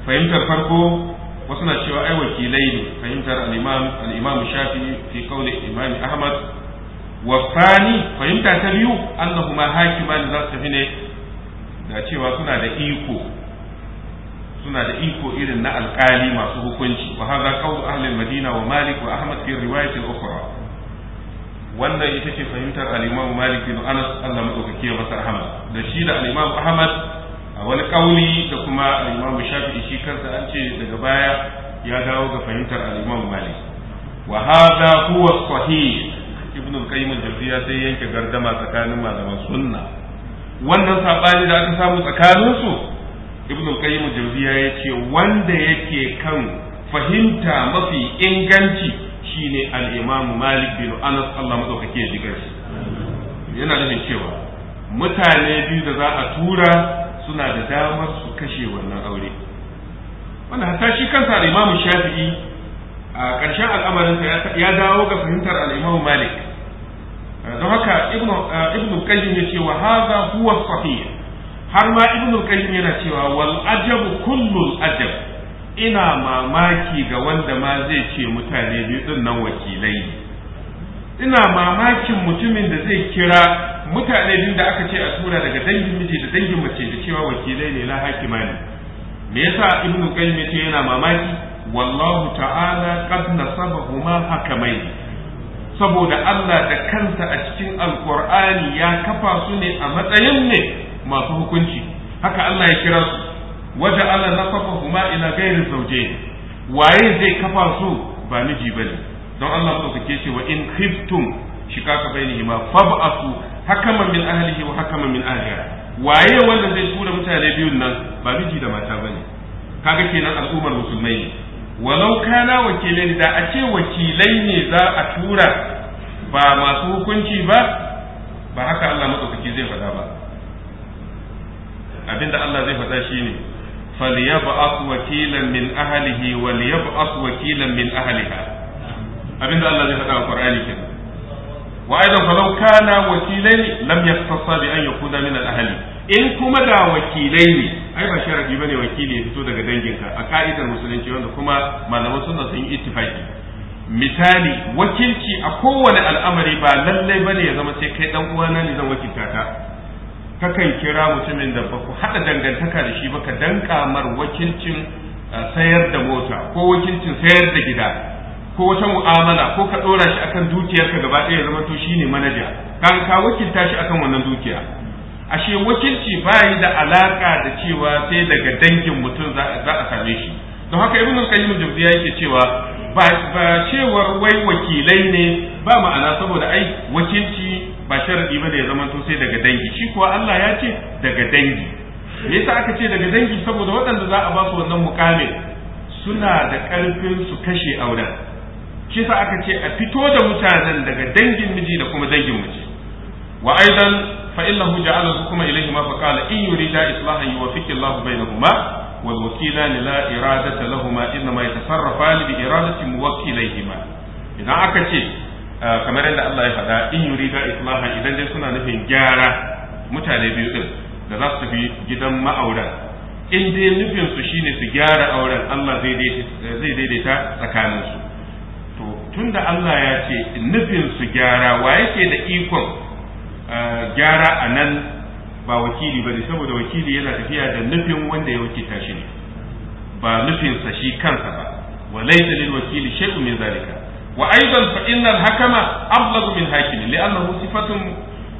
fahimtar farko wasu na cewa ai wakilai ne fahimtar al-imam al-imam shafi'i fi qawli imam ahmad wa fani fahimta ta biyu annahuma hakiman za su tafi ne da cewa suna da iko suna da iko irin na alkali masu hukunci wa hadha qawl ahli al-madina wa malik wa ahmad fi riwayat al-ukhra wannan ita ce fahimtar al-imam malik bin anas Allah madaukake ya masa rahama da shi da al-imam ahmad a wani kauli da kuma al-imam shafi'i shi kansa an ce daga baya ya dawo ga fahimtar al-imam malik wa hadha huwa sahih ibn al-qayyim al-jawziyya sai yanke gardama tsakanin malaman sunna wannan sabani da aka samu tsakaninsu, su ibnu qayyim jawziya yace wanda yake kan fahimta mafi inganci shine al-imam malik bin anas Allah madaukake ya jigar shi yana da cewa mutane biyu da za a tura suna da damar su kashe wannan aure wannan hatta shi kansa al-imam shafi'i a ƙarshen al'amarinsa ya dawo ga fahimtar al-imam malik don haka ibnu eh, qayyim yace wa hadha huwa sahih har ma ibnu qayyim yana cewa wal ajabu ajab ina mamaki ga wanda ma zai ce mutane biyu din nan wakilai ina mamakin mutumin da zai kira mutane biyu da aka ce a tura daga dangin miji da dangin mace da cewa wakilai ne la hakima ne me yasa ibnu qayyim yace yana mamaki wallahu ta'ala qad nasabahuma hakamaini saboda Allah da kansa a cikin alkur'ani ya kafa su ne a matsayin ne masu hukunci haka Allah ya kira su waje Allah na kafa kuma ina gairin sauke. waye zai kafa su ba miji bane don Allah madaukake ce wa in khiftum shikaka bainihima fab'asu hakaman min ahlihi wa hakaman min ahliha waye wanda zai tura mutane biyun nan ba miji da mata bane kaga kenan al'ummar musulmai walau kana wakilai da a ce wakilai ne za a tura ba masu hukunci ba ba haka Allah madaukaki zai faɗa ba abinda Allah zai faɗa shine falyab'ath wakilan min ahlihi walyab'ath wakilan min ahliha abinda Allah zai faɗa wa Qur'ani kenan وأيضا فلو كان وكيلين لم يختص بأن يكون من الأهل in kuma da wakilai ne ai ba sharadi bane wakili ya fito daga danginka a ka'idar musulunci wanda kuma malaman sunna sun yi ittifaki misali wakilci a kowane al'amari ba lallai bane ya zama sai kai dan uwana ne zan wakilta ka kakan kira mutumin da baku ku haɗa dangantaka da shi ba ka danka mar wakilcin sayar da mota ko wakilcin sayar da gida ko wata mu'amala ko ka ɗora shi akan dukiyarka gaba ɗaya ya zama to shine manaja kan ka wakilta shi akan wannan dukiya ashe wakilci yi da alaka da cewa sai daga dangin mutum za a same shi don haka ibn qayyim jawziya yake cewa ba cewar wai wakilai ne ba ma'ana saboda ai wakilci ba sharadi ba da ya zama sai daga dangi shi kuwa Allah ya ce daga dangi me yasa aka ce daga dangi saboda waɗanda za a ba su wannan mukamin suna da ƙarfin su kashe auren shi yasa aka ce a fito da mutanen daga dangin miji da kuma dangin mace wa aidan fa innahu ja'ala hukuma ilayhi ma fa qala in yurida islahan yuwaffiqillahu bainahuma wakila ne والوكيلان لا إرادة لهما إنما يتصرفان بإرادة Idan aka ce kamar yadda Allah ya faɗa in yurida islaha idan dai suna nufin gyara mutane biyu din da za su tafi gidan ma'auran in dai nufin su shine su gyara auren Allah zai daidaita tsakaninsu. su to tunda Allah ya ce nufin su gyara wa yake da ikon gyara a nan ba wakili ne saboda wakili yana tafiya da nufin wanda ya wakilta shi ne ba nufinsa shi kansa ba wa laysa lil wakili shay'un min zalika wa aidan fa innal hakama ablagu min li li'annahu sifatun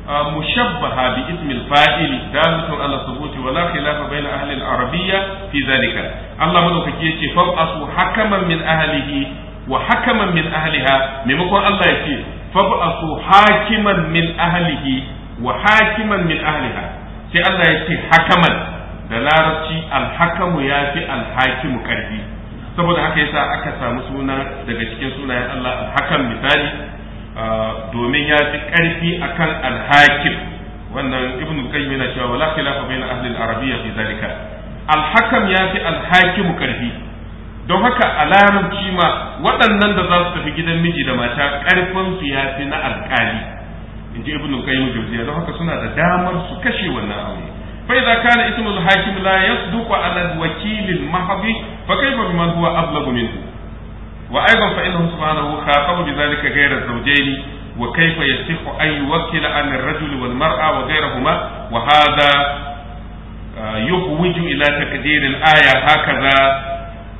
ah, mushabbaha bi ismi al-fa'ili dalatun ala thubuti wa la khilafa bayna ahli al-arabiyya fi zalika Allah madaukaki yace fa asu hakaman min ahlihi wa hakaman min ahliha maimakon Allah yace fa asu hakiman min ahlihi wa hakiman min ahliha sai Allah ya ce hakaman da larabci alhakamu ya fi alhakimu karfi saboda haka yasa aka samu suna daga cikin sunayen Allah alhakam misali domin ya fi karfi akan alhakim wannan ibn qayyim yana cewa wala khilafa bayna ahli al-arabiyya fi zalika alhakam ya fi alhakimu karfi don haka a larabci ma waɗannan da za su tafi gidan miji da mata ƙarfin su ya fi na alƙali in ji ibn qayyim jawziya don haka suna da damar su kashe wannan aure fa idza kana ismul hakim la yasduqu ala wakil al mahdi fa kayfa bima huwa ablagu minhu wa aidan fa innahu subhanahu khataba bi dhalika ghayra zawjayn wa kayfa yasihu an yuwakkila an ar-rajuli wal mar'a wa ghayrahuma wa hadha ah, yuhwiju ila takdir al-aya hakaza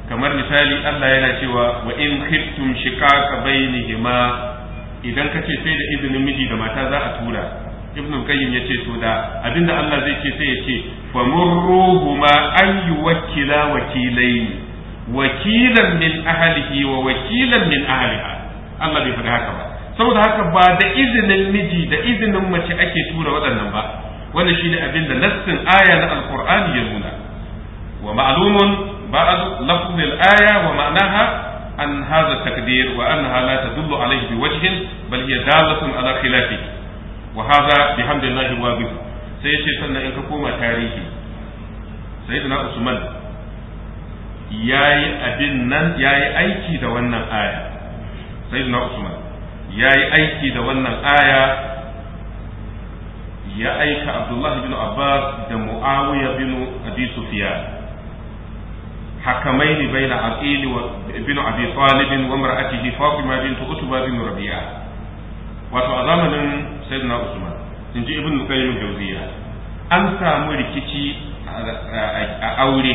kamar misali Allah yana cewa wa in khiftum shiqaqa bainihima idan ka ce sai da izinin miji da mata za a tura ibn qayyim yace to da abinda Allah zai ce sai ya ce fa ma an yuwakkila wakilain wakilan min ahlihi wa wakilan min ahliha Allah bai faɗa haka ba saboda haka ba da izinin miji da izinin mace ake tura waɗannan ba wannan shine abin da nassin aya na alqur'ani ya nuna wa ma'lumun ba'd lafzul aya wa ma'naha an haza takdir wa annaha halata tadullu alayhi biwajhin bal hiya dalatun ala khilafi wa hadha bihamdillahi sai sannan in ka koma tarihi sayyidina usman yayi abin aiki da wannan aya ya aika Abdullahi bin Abbas da Muawiya bin Abi Sufyan حكمين بين عقيل بن أبي طالب وامرأته فاطمة بنت عتبة بن ربيعة وتعظم سيدنا عثمان إن جي ابن القيم الجوزية an samu rikici a aure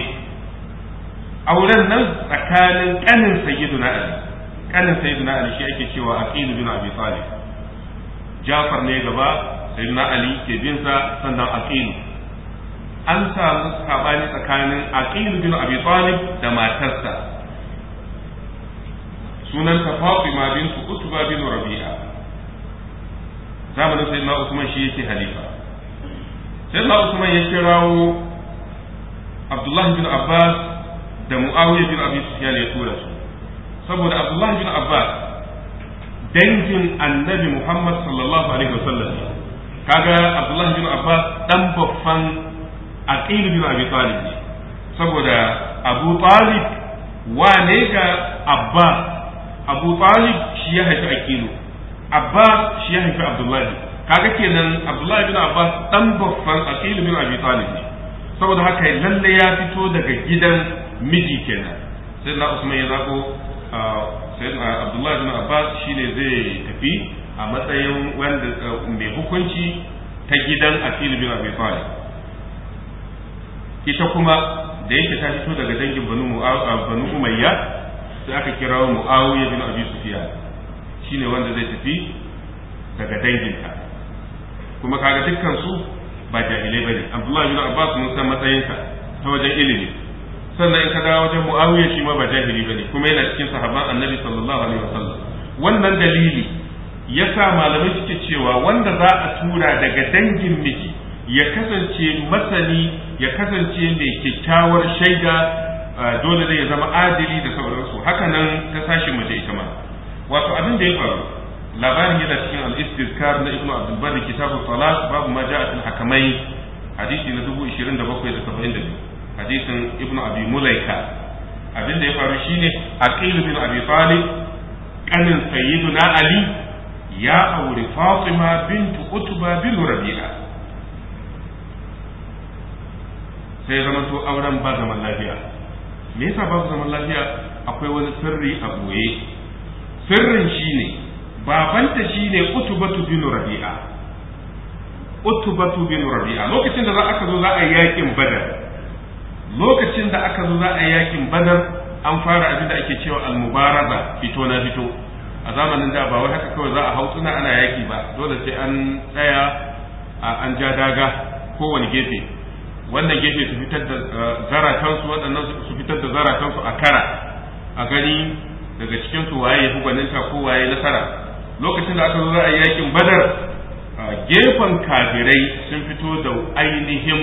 auren nan tsakanin kanin sayyiduna ali kanin sayyiduna ali shi ake cewa aqil bin abi jafar ne gaba sayyiduna ali ke binsa sannan aqil an samu sabani tsakanin aqil bin abi talib da matarsa sunan ta fatima bin utba bin rabi'a zamanin sayyidina usman shi yake halifa sayyidina usman ya kirawo abdullahi bin abbas da muawiya bin abi sufyan ya tura su saboda abdullahi bin abbas dangin annabi muhammad sallallahu alaihi wasallam kaga abdullahi bin abbas dan babban aqil bin abi talib ne saboda abu talib wane ga Abba abu talib shi ya haifi aqilu abbas shi ya haifi abdullahi kaga kenan abdullahi bin abbas dan babban aqil bin abi talib ne saboda haka lalle ya fito daga gidan miji kenan sai na usman ya zako sayyidina abdullahi bin abbas shine zai tafi a matsayin wanda mai hukunci ta gidan aqil bin abi talib ita kuma da yake ta fito daga dangin banu ah, banu umayya sai aka kira muawiya bin abi sufyan shine wanda zai tafi daga danginta kuma kaga dukkan su ba jahilai bane abdullahi bin abbas mun san matsayinsa ta wajen ilimi sannan in ka dawo wajen muawiya shi ma ba jahili bane kuma yana cikin sahaba annabi sallallahu alaihi wasallam wannan dalili yasa malamai suke cewa wanda za a tura daga dangin miji ya kasance masani ya kasance mai kyakkyawar shaida dole ne ya zama adili da sauransu haka nan ta sashi mace ita ma wato abin da ya faru labarin yana cikin al-istizkar na ibnu abdul Bari, kitabu talaq babu ma ja'at al hakamai hadisi na 27.72 hadisin ibnu abi mulaika abin da ya faru shine aqil bin abi talib kanin sayyiduna ali ya auri fatima bintu utba bin rabi'a sai zama to auren ba zaman lafiya me yasa ba zaman lafiya akwai wani sirri a boye sirrin shine babanta shine utubatu bin rabi'a utubatu bin rabi'a lokacin da za aka zo za a yakin badar lokacin da aka zo za a yakin badar an fara abin da ake cewa al-mubaraza fito na fito a zamanin da ba wai haka kawai za a hau ana yaki ba dole sai an tsaya an ja daga kowane gefe wannan gefe su fitar da uh, zaratansu waɗannan su fitar da zaratansu a kara a gani daga cikin su waye ya fi gwaninta ko waye nasara lokacin da aka zo za a yakin badar gefen kafirai sun fito da ainihin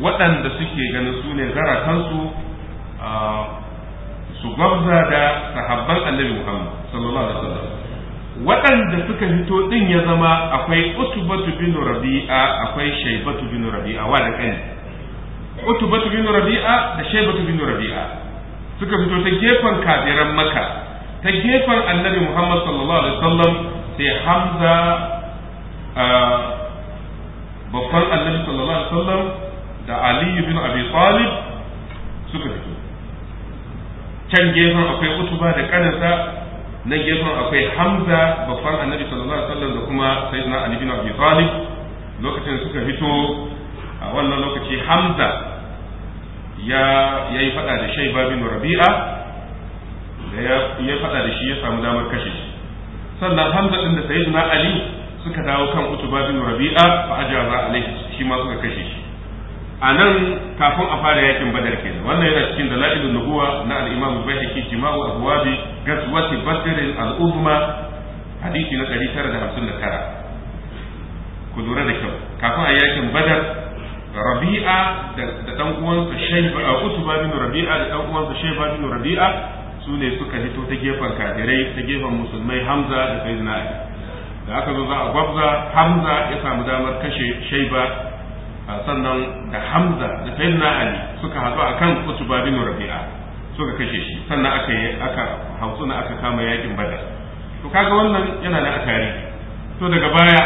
waɗanda suke ganin su ne zaratansu su gwabza da sahabban annabi muhammad sallallahu alaihi wasallam waɗanda suka fito din ya zama akwai usbatu bin rabi'a akwai shaybatu bin rabi'a wa da ƙani utubatu bin rabi'a da shaibatu bin rabi'a suka fito ta gefen kafiran maka ta gefen annabi muhammad sallallahu alaihi wasallam sai hamza babban annabi sallallahu alaihi wasallam da ali bin abi talib suka fito can gefen akwai utuba da kanansa na gefen akwai hamza babban annabi sallallahu alaihi wasallam da kuma sayyidina ali bin abi talib lokacin suka fito a wannan lokaci hamza ya yi fada da shai babin rabi'a da ya fada da shi ya samu damar kashe shi sannan hamza din da na ali suka dawo kan utu babin rabi'a fa ajaza alaihi shi ma suka kashe shi a nan kafin a fara yakin badar kenan wannan yana cikin dalailun nubuwa na al-imam bayhaqi jima'u abwabi ghazwati badr al-uzma hadisi na 959 ku lura da kyau kafin a yakin badar rabi'a da dan uwansa shayba utba bin rabi'a da dan uwansa shayba bin rabi'a su ne suka hito ta gefen kafirai ta gefen musulmai hamza da sayyidina ali da aka zo za a gwabza hamza ya samu damar kashe shayba sannan da hamza da sayyidina ali suka hazo akan utba bin rabi'a suka kashe shi sannan aka aka na aka kama yakin badar to kaga wannan yana da a tarihi to daga baya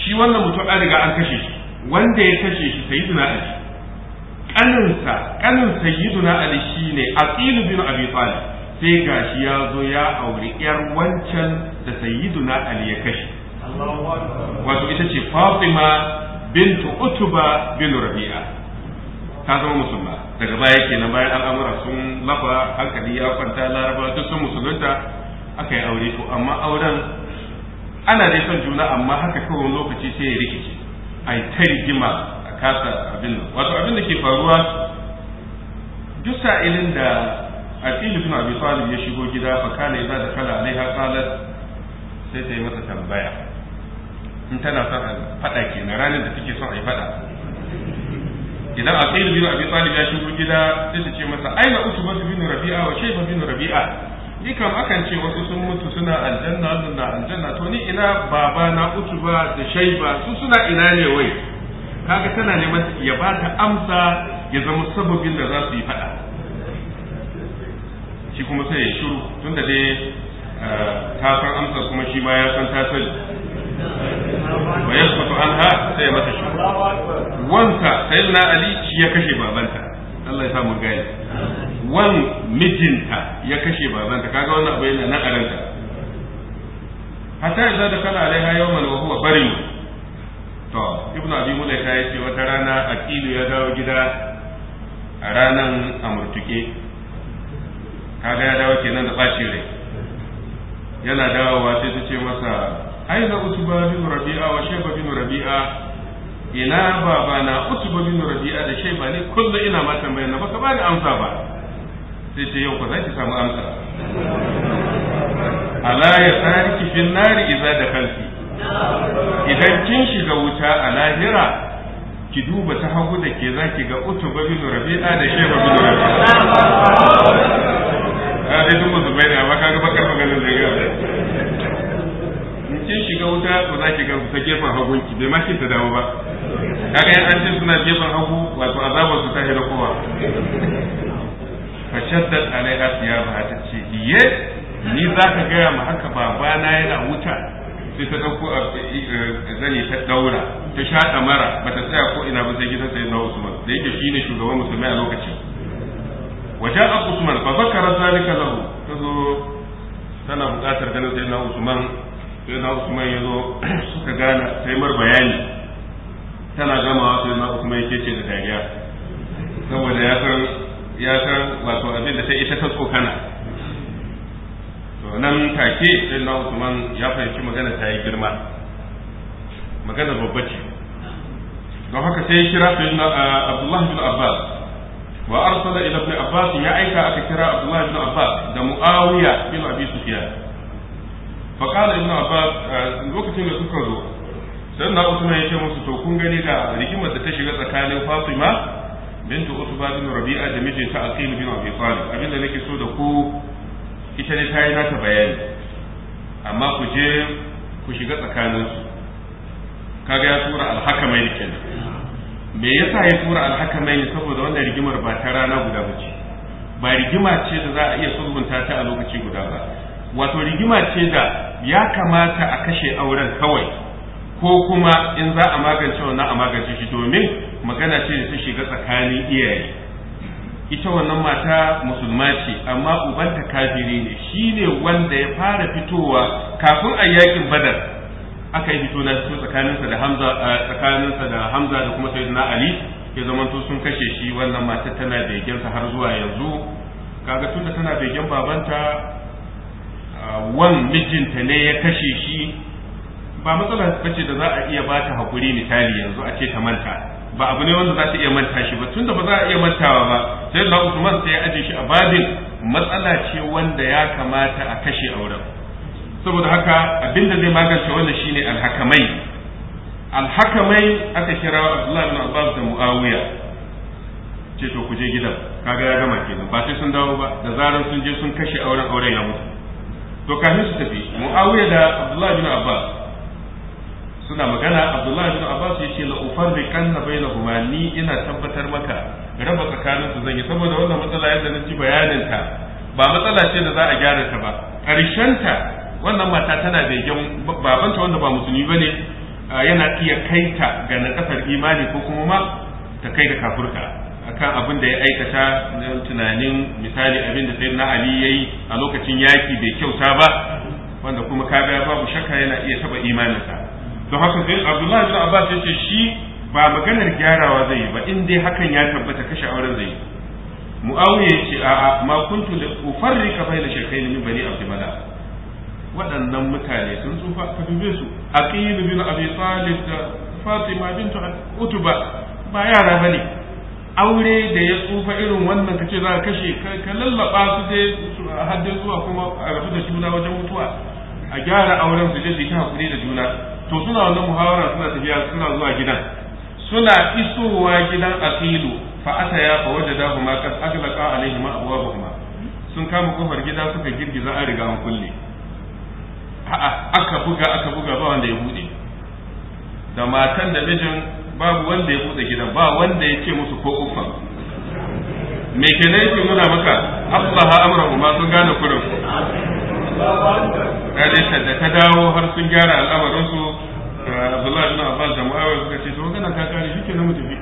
shi wannan mutum an riga an kashe shi wanda ya kashe shi sayyiduna ali kaninsa kanin sayyiduna ali shine aqilu bin abi talib sai gashi ya zo ya auri yar wancan da sayyiduna ali ya kashe wato ita ce fatima bintu utuba bin rabi'a ta zama musulma daga baya nan, bayan al'amura sun lafa hankali ya kwanta laraba duk sun musulunta aka yi aure to amma auren ana dai son juna amma haka kawai lokaci sai ya rikice a yi ta rigima a kasa abin nan wato abin da ke faruwa duk sa'ilin da aqil ibn abin talib ya shigo gida fa kana da kala alaiha qalat sai ta yi masa tambaya in tana son a fada na ranar da take son a yi fada idan aqil ibn abin talib ya shigo gida sai ta ce masa aina utuba bin rabi'a wa shayba bin rabi'a ni kam akan ce wasu sun mutu suna aljanna wasu na aljanna to ni ina baba na ba da shaiba su suna ina ne wai kaga tana neman ya ba ta amsa ya zama sababin da za su yi faɗa shi kuma sai ya shiru tun da dai eh, ta san amsa kuma shi ma ya san ta sani wa yasfatu anha sai ya mata shiru sai sayyidina ali shi ya kashe babanta Allah ya samu gani wal mijinta ya kashe babanta kaga wannan abu yana na aranta hatta idza da kana alaiha yawman wa huwa barin to ibnu abi mulaika yace wata rana aqilu ya dawo gida a ranan amurtuke kaga ya dawo kenan da bashi rai yana dawowa sai ta ce masa aina utuba bin rabi'a wa shayba bin rabi'a ina babana utuba bin rabi'a da shayba ne kullu ina ma tambayar na baka ba da amsa ba sai ce yau ba za ki samu amsa ala ya tsari kifin nari iza da kalfi idan kin shiga wuta a lahira ki duba ta hagu da ke za ki ga utu ba bin rabi'a da sheba bin rabi'a a dai duk da ne ka ga bakar maganin da ya kin shiga wuta ba za ki ga ta gefen hagun ki bai ma kin ta dawo ba kaga yan an ce suna gefen hagu wato azabar su ta hira kowa fa alaiha thiyabaha ta ce iye ni za ka gaya ma haka babana yana wuta sai ta dauko eh, eh, zani ta daura ta sha mara ta tsaya ko ina ba sai gidan na Usman da yake shine shugaban musulmai a lokaci wajen a usman fa zakara zalika lahu ta zo tana buƙatar ganin sai na usman sai na usman ya zo suka gana sai mar bayani tana gamawa sai na usman yake ce da dariya saboda ya san ya san wato abin da sai ita ta tsokana to nan take sai na Usman ya fahimci magana ta yi girma magana babba ce don haka sai kira sai na Abdullah bin Abbas wa arsala ila ibn Abbas ya aika aka kira Abdullah bin Abbas da Muawiya bin Abi Sufyan fa qala ibn Abbas lokacin da suka zo sai na Usman ya ce musu to kun gani da rigimar da ta shiga tsakanin Fatima bintu utba bin rabi'a da mijinta aqil bin abi talib abin da nake so da ku ita ne ta yi nata bayani amma ku je ku shiga tsakaninsu kaga ya tura ne kenan me yasa ya tura alhakamai ne saboda wannan rigimar ba ta rana guda ba ce ba rigima ce da za a iya sulhunta ta a lokaci guda ba wato rigima ce da ya kamata a kashe auren kawai ko kuma in za a magance wannan a magance shi domin magana ce da ta shiga tsakanin iyaye ita wannan mata musulma ce amma ubanta kafiri ne shi ne wanda ya fara fitowa kafin a yakin badar aka yi fito na tsakaninsa da hamza tsakaninsa da hamza da kuma sayyidina ali ya zamanto sun kashe shi wannan mata tana begensa har zuwa yanzu kaga tunda tana begen babanta wan mijinta ne ya kashe shi ba matsala bace da za a iya bata hakuri misali yanzu a ce ta manta ba abu ne wanda za ta iya manta shi ba tun da ba za a iya mantawa ba sai da Usman sai ya aje shi a babin matsala ce wanda ya kamata a kashe auren saboda haka abinda zai magance wannan shine alhakamai alhakamai aka kira Abdullahi bin Abbas da Muawiya ce to ku je gidan kaga ya gama kenan ba sai sun dawo ba da zaran sun je sun kashe auren auren ya mutu to kafin su tafi Muawiya da Abdullahi bin Abbas suna magana abdullahi bin abbas yace la ufarriqanna bainahuma ni ina tabbatar maka raba tsakanin su zan saboda wannan matsala yadda na ji bayanin ta ba matsala ce da za a gyara ta ba karshen ta wannan mata tana da begen babanta wanda ba musulmi bane yana iya kai ta ga nakasar imani ko kuma ma ta kai da kafurka akan abin da ya aikata na tunanin misali abin da na ali yayi a lokacin yaki bai kyauta ba wanda kuma kaga babu shakka yana iya taba imaninsa don haka sai abdullahi ibn abbas yace shi ba maganar gyarawa zai yi ba in dai hakan ya tabbata kashe auren zai yi muawiya yace a a ma kuntu li ufarrika da shaykhayn ne bani abd mala waɗannan mutane sun tsufa ka dube su aqil bin abi talib da fatima bint utba ba yara bane aure da ya tsufa irin wannan kace za ka kashe ka lallaba su dai haddin zuwa kuma a rabu da juna wajen mutuwa a gyara auren su je su yi hakuri da juna to suna wannan muhawara suna tafiya suna zuwa gidan suna isowa gidan asilu fa ya fa wajadahu ma qad aglaqa alaihim abwaabahuma sun kama kofar gida suka girgiza an riga an kulle a'a aka buga aka buga ba wanda ya bude da matan da mijin babu wanda ya bude gidan ba wanda ya ce musu ko ufa me kenan yake nuna maka amra kuma sun gane kurin radisha da ta dawo har sun gyara al'amarin da Abdullahi bin Abbas da Muawiya suka ce to magana ka kare shi kenan mu tafi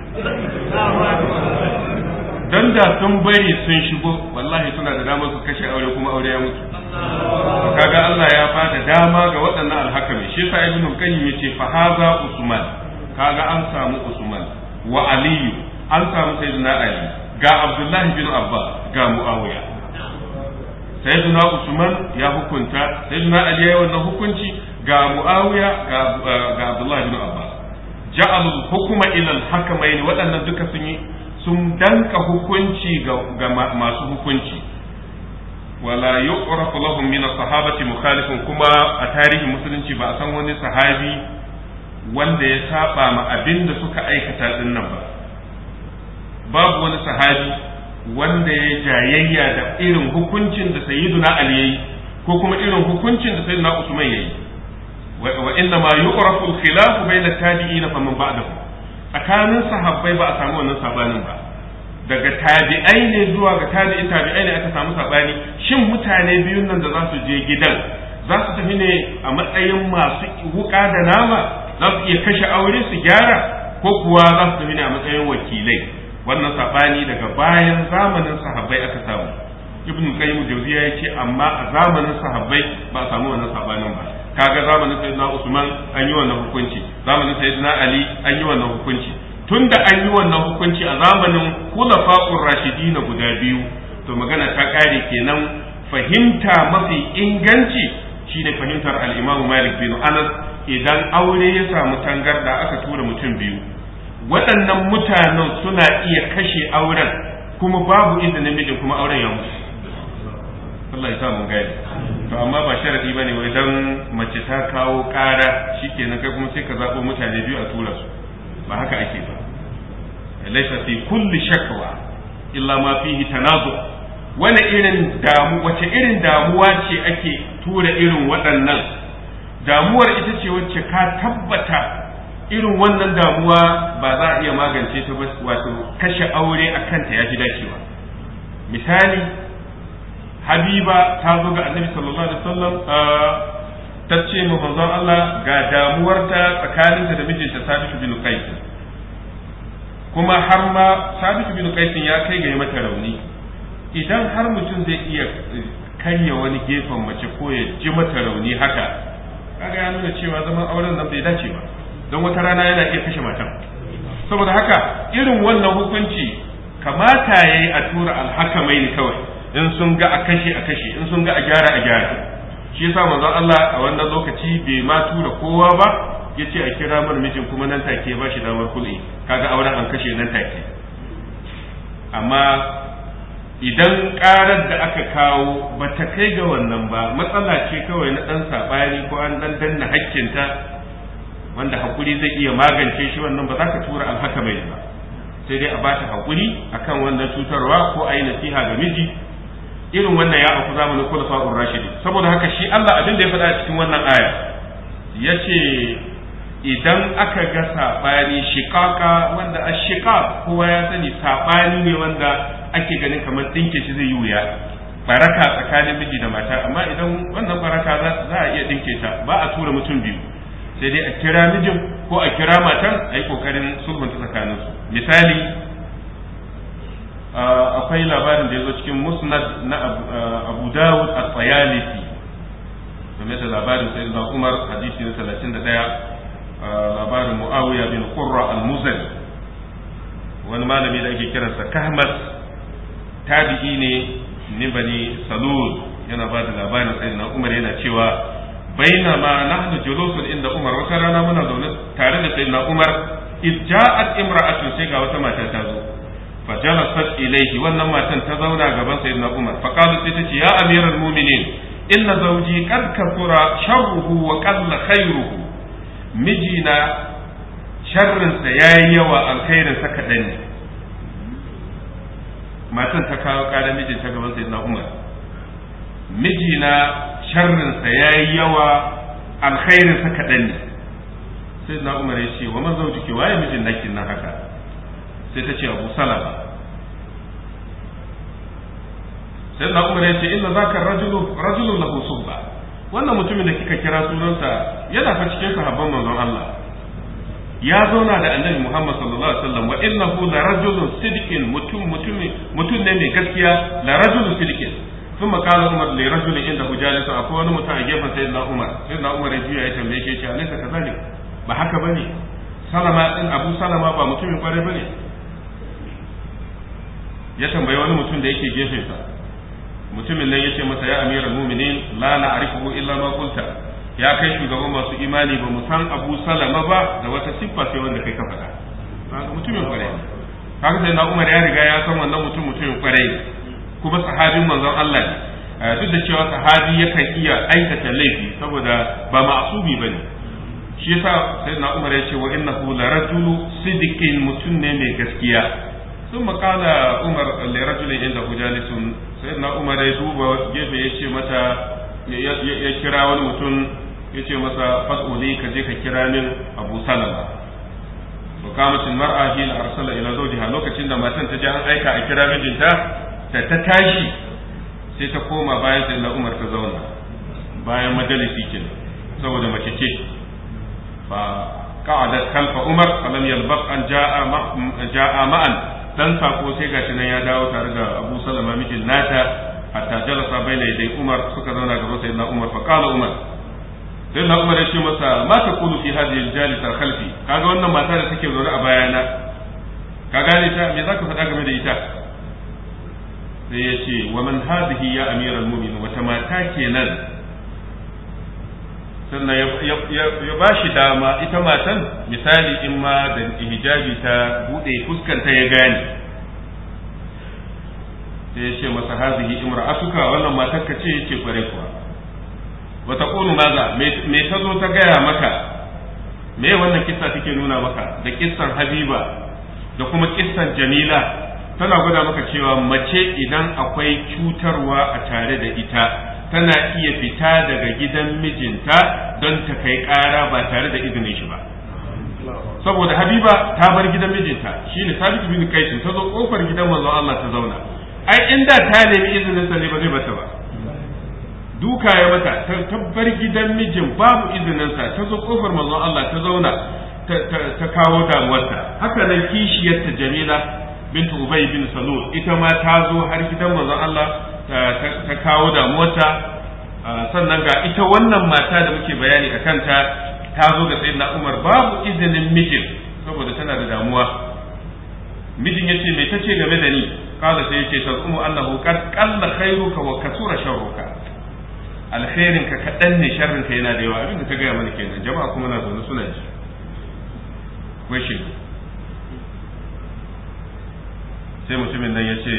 dan da sun bari sun shigo wallahi suna da damar su kashe aure kuma aure ya mutu kaga Allah ya bada dama ga waɗannan alhakami shi sa ibnu qayyim yace fa haza usman kaga an samu usman wa aliyu an samu sayyidina ali ga abdullahi bin abbas ga muawiya sayyiduna usman ya hukunta sayyiduna ali ya wannan hukunci ga muawiya ga ga abdullah ibn abbas ja'alu hukuma ila al-hakamayn waɗannan duka sun yi sun danka hukunci ga masu hukunci wala yu'rafu lahum min as-sahabati mukhalifun kuma a tarihin musulunci ba a san wani sahabi wanda ya saba ma abinda suka aikata ɗinnan ba babu wani sahabi wanda ya jayayya da irin hukuncin da sayyiduna ali yayi ko kuma irin hukuncin da sayyiduna usman yayi wa inna ma yuqrafu al-khilaf bayna tabi'ina fa man ba'dahu tsakanin sahabbai ba a samu wannan sabanin ba daga tabi'ai ne zuwa ga tabi'i tabi'ai ne aka samu sabani shin mutane biyun nan da za su je gidan za su tafi ne a matsayin masu wuka da nama za su iya kashe aure su gyara ko kuwa za su tafi ne a matsayin wakilai wannan sabani daga bayan zamanin sahabbai aka samu ibn qayyim jawziya yace amma a zamanin sahabbai ba a samu wannan sabanin ba kaga zamanin sayyidina usman an yi wannan hukunci zamanin sayyidina ali an yi wannan hukunci tunda an yi wannan hukunci a zamanin khulafa'ur rashidina guda biyu to magana ta kare kenan fahimta mafi inganci shi shine fahimtar al-imam malik bin anas idan aure ya samu tangarda aka tura mutum biyu waɗannan mutanen suna iya kashe auren kuma babu inda namijin kuma auren ya mutu Allah ya mun gani to amma ba sharadi bane wai dan mace ta kawo ƙara shikenan kai kuma sai ka zabo mutane biyu a tura su ba haka ake ba laysa fi kulli shakwa illa ma fihi tanazu wani irin damu wace irin damuwa ce ake tura irin waɗannan damuwar ita ce wacce ka tabbata irin wannan damuwa ba za a iya magance ta ba wato kashe aure a kanta ya ji dacewa misali habiba ta zo ga annabi sallallahu alaihi wasallam ta ce ma manzon Allah ga damuwarta tsakaninta da mijinta Sabit bin Qais kuma har ma Sabit bin Qais ya kai ga mata rauni idan har mutum zai iya karya wani gefen mace ko ya ji mata rauni haka kaga ya nuna cewa zaman auren nan bai dace ba don wata rana yana iya kashe matan saboda haka irin wannan hukunci kamata ya yi a tura alhakamai ne kawai in sun ga a kashe a kashe in sun ga a gyara a gyara shi yasa manzon Allah a wannan lokaci bai ma tura kowa ba yace a kira mun mijin kuma nan take ba shi damar kulli kaga auren an kashe nan take amma idan karar da aka kawo ba ta kai ga wannan ba matsala ce kawai na dan sabani ko an dan danna hakkinta wanda hakuri zai iya magance shi wannan ba za ka tura alhaka mai ba sai dai a ba shi hakuri akan wannan cutarwa ko a yi nasiha ga miji irin wannan ya na zamanin kulafa'ur rashidi saboda haka shi Allah abin da ya faɗa cikin wannan aya ya ce idan aka ga saɓani shiƙaƙa wanda a shiƙa kowa ya sani saɓani ne wanda ake ganin kamar ɗinke shi zai yi wuya baraka tsakanin miji da mata amma idan wannan baraka za a iya ɗinke ta ba a tura mutum biyu sai dai a kira mijin ko a kira matan a yi kokarin sulhunta tsakaninsu misali akwai labarin da ya zo cikin musnad na abu dawud a tsayalisi game da labarin sai zuwa umar hadisi na talatin da ɗaya labarin mu'awiya bin qurra al muzal wani malami da ake kiransa kahmas tabi'i ne ni bani salul yana ba da labarin sai na umar yana cewa bainama nahnu julusun inda umar wata rana muna zaune tare da sayyidina umar iz ja'at imra'atun sai ga wata mata ta zo fa jalasat ilayhi wannan matan ta zauna gaban sayyidina umar fa qalat sai tace ya amiral mu'minin inna zawji qad kafura sharruhu wa qalla khayruhu mijina sharrinsa yayi yawa alkhairin sa kadan ne matan ta kawo ƙara mijin ta gaban sayyidina umar mijina sharrinsa ya yi yawa alkhairinsa kaɗan ne sai na umar ya ce wa mazauji ke waye mijin nakin nan haka sai ta ce abu salama sai na umar ya ce inna zaka rajulun lahu subba wannan mutumin da kika kira sunansa yana fa cikin sahabban manzon Allah ya zauna da annabi Muhammad sallallahu alaihi wasallam wa innahu la rajulun sidqin mutum mutum mutum ne mai gaskiya la rajulun sidqin sun makala umar le rajulin inda hujalisa akwai wani mutum a gefen sai na umar sai na umar ya juya ya tambaye shi ce alaisa kaza ne ba haka bane salama din abu salama ba mutumin kware bane ya tambayi wani mutum da yake gefen sa mutumin nan yace masa ya amiral mu'minin la na'rifu illa ma qulta ya kai shugaban masu imani ba mu san abu salama ba da wata siffa sai wanda kai ka faɗa mutumin kware kaga sai na umar ya riga ya san wannan mutum mutumin kware kuma sahabin manzon Allah ne eh, duk da cewa sahabi yakan iya aikata laifi saboda ba ma'asubi ne. shi yasa na Umar ya ce wa hu la rajulu sidiqin mutum ne mai gaskiya Sun ثم قال عمر لرجل عنده sai na umar ya duba gefe ya ce mata ya kira wani mutum ya ce masa fas'uli ka je ka kira min abu salama arsala ila حين lokacin da matan ta je an aika a kira mijinta da ta tashi sai ta koma bayan sai umar ta zauna bayan majalisi ke saboda mace ce fa da khalfa umar falam yalbaq an ja'a ma'an dan sako sai gashi nan ya dawo tare da Abu Salama mijin nata hatta jalasa baina dai Umar suka zauna gaban sayyidina Umar fa qala Umar na Umar ya ce masa ma taqulu fi hadhihi al-jalisa khalfi kaga wannan mata da take zaune a bayana ka gane ta me zaka faɗa game da ita sai ya ce wa man hadhihi ya amiral mu'minin wata mata kenan sannan ya ba shi dama ita matan misali in ma da hijabi ta bude fuskanta ya gane sai ya ce masa hadhihi imra'atuka wannan matan ka ce yake kware kuwa wa taqulu maza me ta zo ta gaya maka me wannan kissa take nuna maka da kissan habiba da kuma kissan jamila tana gwada maka cewa mace idan akwai cutarwa a tare da ita tana iya fita daga gidan mijinta don ta kai ƙara ba tare da izinin shi ba saboda habiba ta bar gidan mijinta shine sabit bin kaisin ta zo kofar gidan manzon Allah ta zauna ai inda ta nemi izinin sa ne ba zai bata ba duka ya mata ta tabbar gidan mijin babu izinin sa ta zo kofar manzon Allah ta zauna ta kawo damuwarta haka nan kishiyarta jamila bint ubay bin salul ita ma ta zo har gidan manzon Allah ta kawo mota ah, sannan ga ita wannan mata da muke bayani a kanta ta zo ga sayyidina Umar babu izinin mijin saboda tana da damuwa mijin yace me tace game da ni kala sai yace tazumu annahu qad qalla khairuka wa kasura sharruka alkhairin ka kadan ne sharrin ka yana da yawa abin da ta gaya mana kenan jama'a kuma na zaune suna ji sai mutumin nan ya ce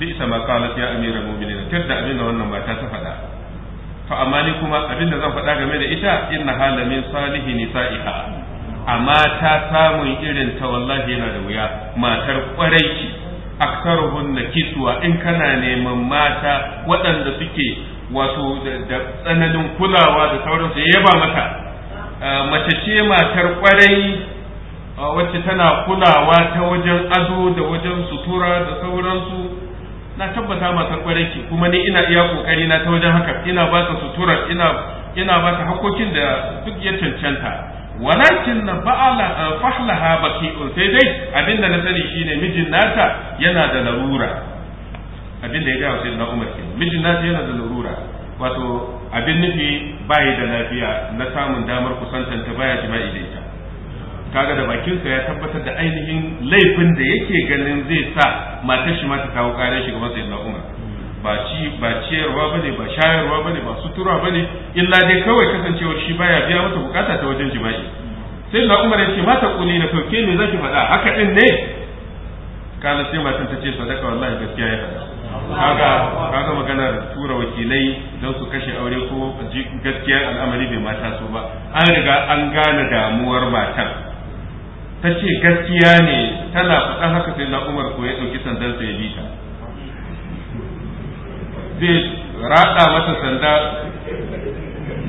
bi isa ma qalat ya amiral mu'minin tun da abin da wannan mata ta faɗa fa amma ni kuma abin da zan faɗa game da ita inna hala min salihi nisa'iha amma ta samun irin ta wallahi yana da wuya matar kwarai ce aktaruhunna kiswa in kana neman mata waɗanda suke wato da tsananin kulawa da sauransu ya yaba mata, ah, mace ce matar kwarai wacce tana kulawa ta wajen ado da wajen sutura da sauransu na tabbata matar kwarai ce kuma ni ina iya kokari na ta wajen haka ina ba ta sutura ina ina ba ta hakokin da duk ya cancanta walakin na ba'ala eh, fahlaha baki'un sai dai abinda na sani shine mijin nata yana da larura abinda ya gaya sai na Umar ke mijin nata yana da larura wato abin nufi bai da lafiya na samun damar kusantanta baya jima'i da ita kaga da bakinsa ya tabbatar da ainihin laifin da yake ganin zai sa matar shi ma ta kawo karar shi gaban sayyidina Umar ba ci ba ciyarwa bane ba shayarwa bane ba sutura bane illa dai kawai kasancewar shi baya biya mata bukata ta wajen jima'i Sai Umar yace ce mata kuli na fauke ne zaki faɗa haka din ne kana sai matan ta ce sadaka wallahi gaskiya ya faɗa kaga kaga maganar tura wakilai don su kashe aure ko gaskiyar al'amari bai mata so ba an riga an gane damuwar matar ta ce gaskiya ne tana faɗa haka sai na umar ko ya ɗauki sandan sai bi ta zai raɗa mata sanda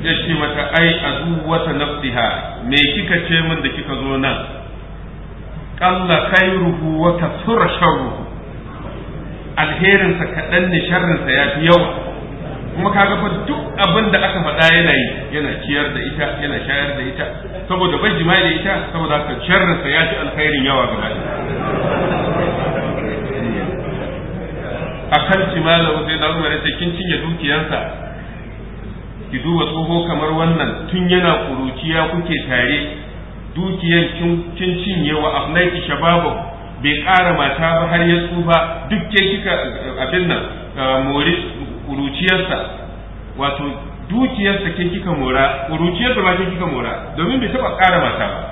ya ce mata ai a wata nafsiha me kika ce min da kika zo nan kalla khairuhu wa kasura ruhu. alherinsa kaɗan ne sharrinsa ya fi yawa kuma kaga fa duk abin da aka faɗa yana yi yana ciyar da ita yana shayar da ita saboda bai jima'i da ita saboda haka sharrinsa ya ci alkhairin yawa ga gaba akan kimala wasu da umar ce kin cinye dukiyarsa ki duba tsoho kamar wannan tun yana kuruciya kuke tare dukiyar kin cinye wa afnaki shababu bai ƙara mata ba har ya tsufa duk ke kika abin nan eh, mori ƙuruciyarsa wato dukiyarsa ke kika mora ƙuruciyarsa ba ke kika mora domin bai taɓa ƙara mata ba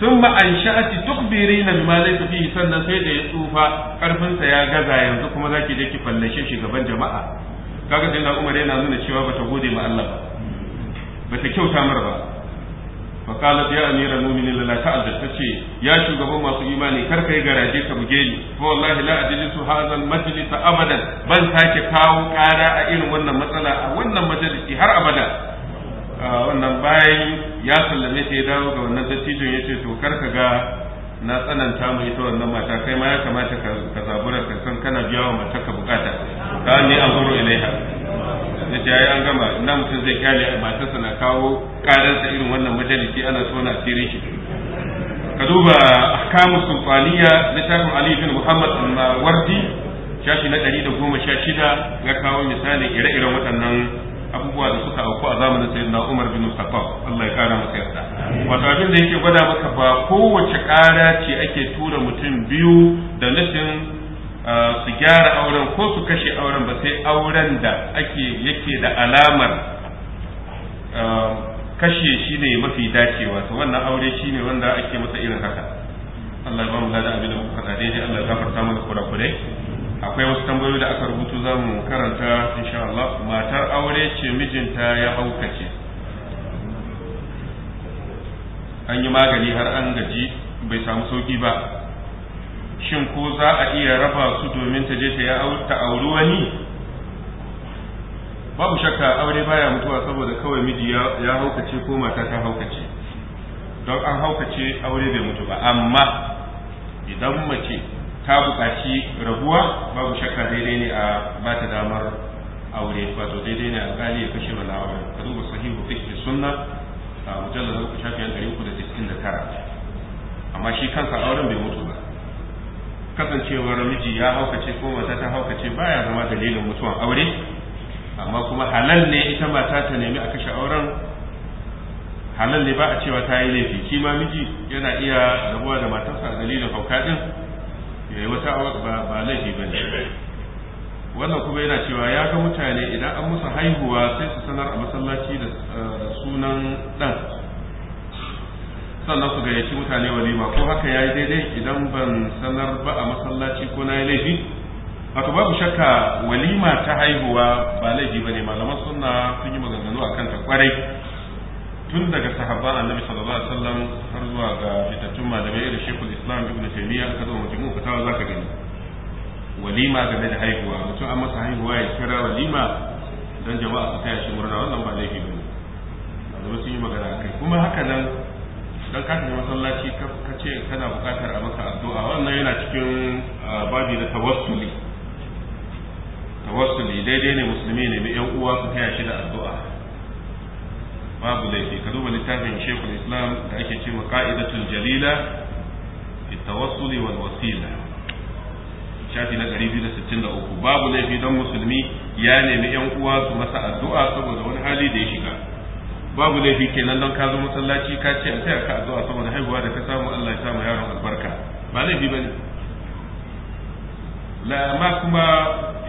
sun ma an sha'ati tukbiri na ma zai tafi sannan sai da ya tsufa ƙarfinsa ya gaza yanzu kuma za ki je ki fallashe shugaban jama'a kaga sai umar yana nuna cewa bata gode ma Allah ba bata kyauta mar ba fa ya amira mu'minin ta ta'addu tace ya shugaban masu imani kar kai garaje ka buge ni fa wallahi la ajlisu hadha al majlis abada ban sake kawo kara a irin wannan matsala a wannan majalis har abada wannan bayan ya sallame sai dawo ga wannan tattijo yace to kar ka ga na tsananta mu ita wannan mata ma ya kamata ka zabura kan kana biyawa mata ka bukata ka ni an zo ilaiha da ce an gama na mutum zai kyale a matarsa na kawo karansa irin wannan majalisi ana so na asirin shi ka duba ahkamu sultaniya littafin ali bin muhammad al-mawardi shashi na ɗari da goma sha shida ya kawo misali ire-iren waɗannan abubuwa da suka auku a zamanin sayyid na umar bin khattab Allah ya kara masa yarda wato abin da yake gwada maka ba kowace ƙara ce ake tura mutum biyu da nufin su gyara auren ko su kashe auren ba sai auren da ake yake da alamar kashe shi ne mafi dacewa to wannan aure shi ne wanda ake masa irin haka Allah ya bamu gada abin da muka faɗa daidai Allah ya gafarta mana akwai wasu tambayoyi da aka rubutu za mu karanta insha Allah matar aure ce mijinta ya haukace an yi magani har an gaji bai samu sauki ba shin ko za a iya raba su domin ta je ta ya ta auri wani babu shakka aure baya mutuwa saboda kawai miji ya haukace ko mata ta haukace don an haukace aure bai mutu ba amma idan mace ta buƙaci rabuwa babu shakka daidai ne a ba ta damar aure wato daidai ne a alƙali ya kashe wala aure ka duba sahihu fiqh sunna a mujallal uku shafi 369 da da tara amma shi kansa auren bai mutu ba kasancewar miji ya haukace ko mata ta haukace baya zama dalilin mutuwan aure amma kuma halal ne ita mata ta nemi a kashe auren halal ne ba a cewa ta yi laifi shi ma miji yana iya rabuwa da matarsa dalilin hauka din ya yi wata ba laifi ba ne wannan kuma yana cewa ya ga mutane idan an musu haihuwa sai su sanar a masallaci da sunan ɗan sannan su gayyaci mutane walima ko haka ya yi daidai idan ban sanar ba a masallaci ko na yi laifi wato babu shakka walima ta haihuwa ba laifi ba ne malaman suna sun yi maganganu a kanta kwarai tun daga sahabban annabi sallallahu alaihi wasallam har zuwa ga fitattun malamai irin shekul islam ibn taymiya ka zo mutum ka tawa zaka gani walima game da haihuwa mutum an masa haihuwa ya kira walima dan jama'a su taya shi murna wannan ba laifi bane malamai sun yi magana kai kuma haka nan dan ka shiga masallaci ka ce kana bukatar a maka addu'a wannan yana cikin babi na tawassuli tawassuli daidai ne musulmi ne mai yan uwa su taya shi da addu'a babu laifi ka duba littafin shekul islam da ake ce ma ka'idatul jalila fi tawassuli wal wasila shafi na 263 babu laifi dan musulmi ya nemi yan uwa su masa addu'a saboda wani hali da ya shiga babu laifi kenan don ka zo masallaci ka ce a taya ka addu'a saboda haihuwa da ka samu Allah ya samu yaron albarka ba laifi ba la ma kuma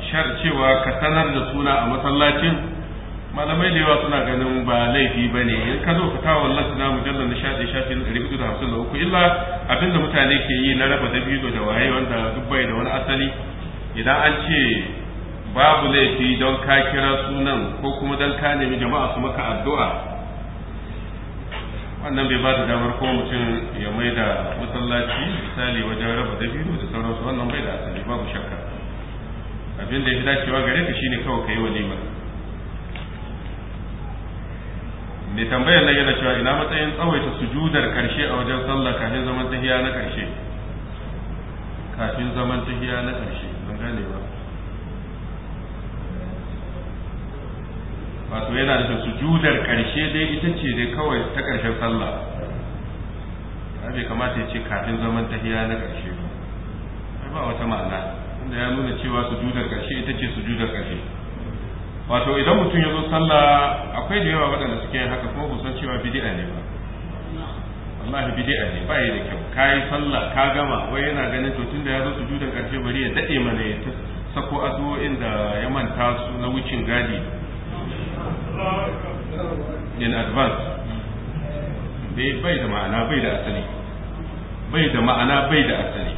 shar cewa ka sanar da suna a masallacin malamai da yawa suna ganin ba laifi ne in ka zo fita wallan suna mujallar na shafi na ɗari da hamsin da uku illa abinda mutane ke yi na raba dabino da waye wanda duk bai da wani asali idan an ce babu laifi don ka kira sunan ko kuma don ka nemi jama'a su maka addu'a wannan bai ba da damar kuma mutum ya mai da masallaci misali wajen raba dabino da sauransu wannan bai da asali babu shakka abin da ya fi dacewa gare ka shine kawai ka yi nema. mai tambayar na yana cewa ina matsayin tsawaita sujudar karshe a wajen sallah kafin zaman tahiya na karshe kafin zaman tahiya na karshe ban gane ba wato yana da sujudar karshe dai ita ce dai kawai ta karshen sallah bai kamata ya ce kafin zaman tahiya na karshe ba ba wata ma'ana inda ya nuna cewa sujudar karshe ita ce sujudar karshe wato idan mutum ya zo sallah akwai da yawa waɗanda suke haka kuma ba san cewa bid'a ne ba wallahi bid'a ne ba da kyau kai sallah ka gama wai yana ganin to tunda ya zo sujudar karshe bari ya dade mana ya sako azo inda ya manta su na wucin gadi in advance bai da ma'ana bai da asali bai da ma'ana bai da asali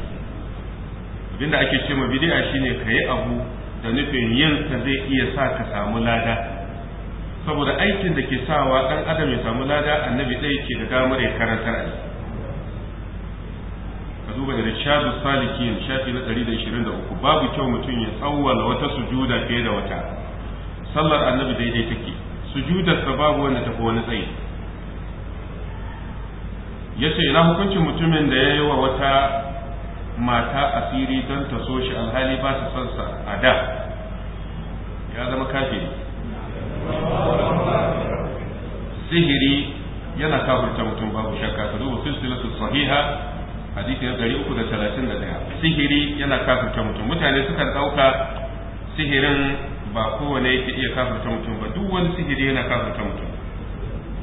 abinda ake ce ma bidi'a shine ka yi abu da nufin yin ka zai iya sa ka samu lada saboda aikin da ke sawa dan adam ya samu lada annabi ɗaya ke da damar ya karanta a ka duba da rishadu salikin shafi na 123 babu kyau mutum ya tsawwala wata sujuda fiye da wata sallar annabi daidai take sujudarsa babu wanda tafi wani tsayi ya ce ina hukuncin mutumin da ya yi wa wata mata asiri don ta so shi alhali ba ta son sa a da ya zama kafiri sihiri yana kafirta mutum babu shakka ka duba silsilatu sahiha hadisi na ɗari uku da talatin da ɗaya sihiri yana kafirta mutum mutane sukan ɗauka sihirin ba kowane yake iya kafirta mutum ba duk wani sihiri yana kafirta mutum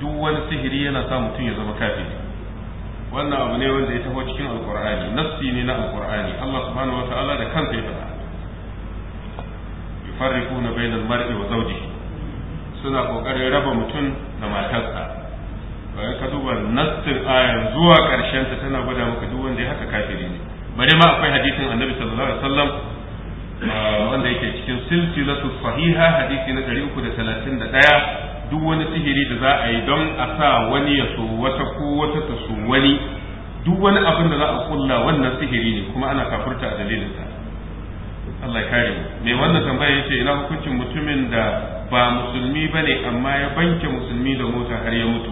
duk wani sihiri yana sa mutum ya zama kafiri wannan abu ne wanda ya taho cikin alkur'ani nafsi ne na alkur'ani Allah subhanahu wa ta'ala da kansa ya faɗa yufarriquna al mar'i wa zawjihi suna kokarin raba mutum da matarsa bayan ka duba nassin ayan zuwa karshen ta tana gwada maka duk wanda ya haka kafiri ne bare ma akwai hadisin annabi sallallahu alaihi wasallam wanda yake cikin silsilatu sahiha hadisi na 331 duk wani sihiri da za a yi don a sa wani ya so wata ko wata ta so wani duk wani abin da za a kulla wannan sihiri ne kuma ana kafurta a dalilinsa Allah ya kare mu mai wannan tambaya yace ina hukuncin mutumin da ba musulmi bane amma ya banke musulmi da mota har ya mutu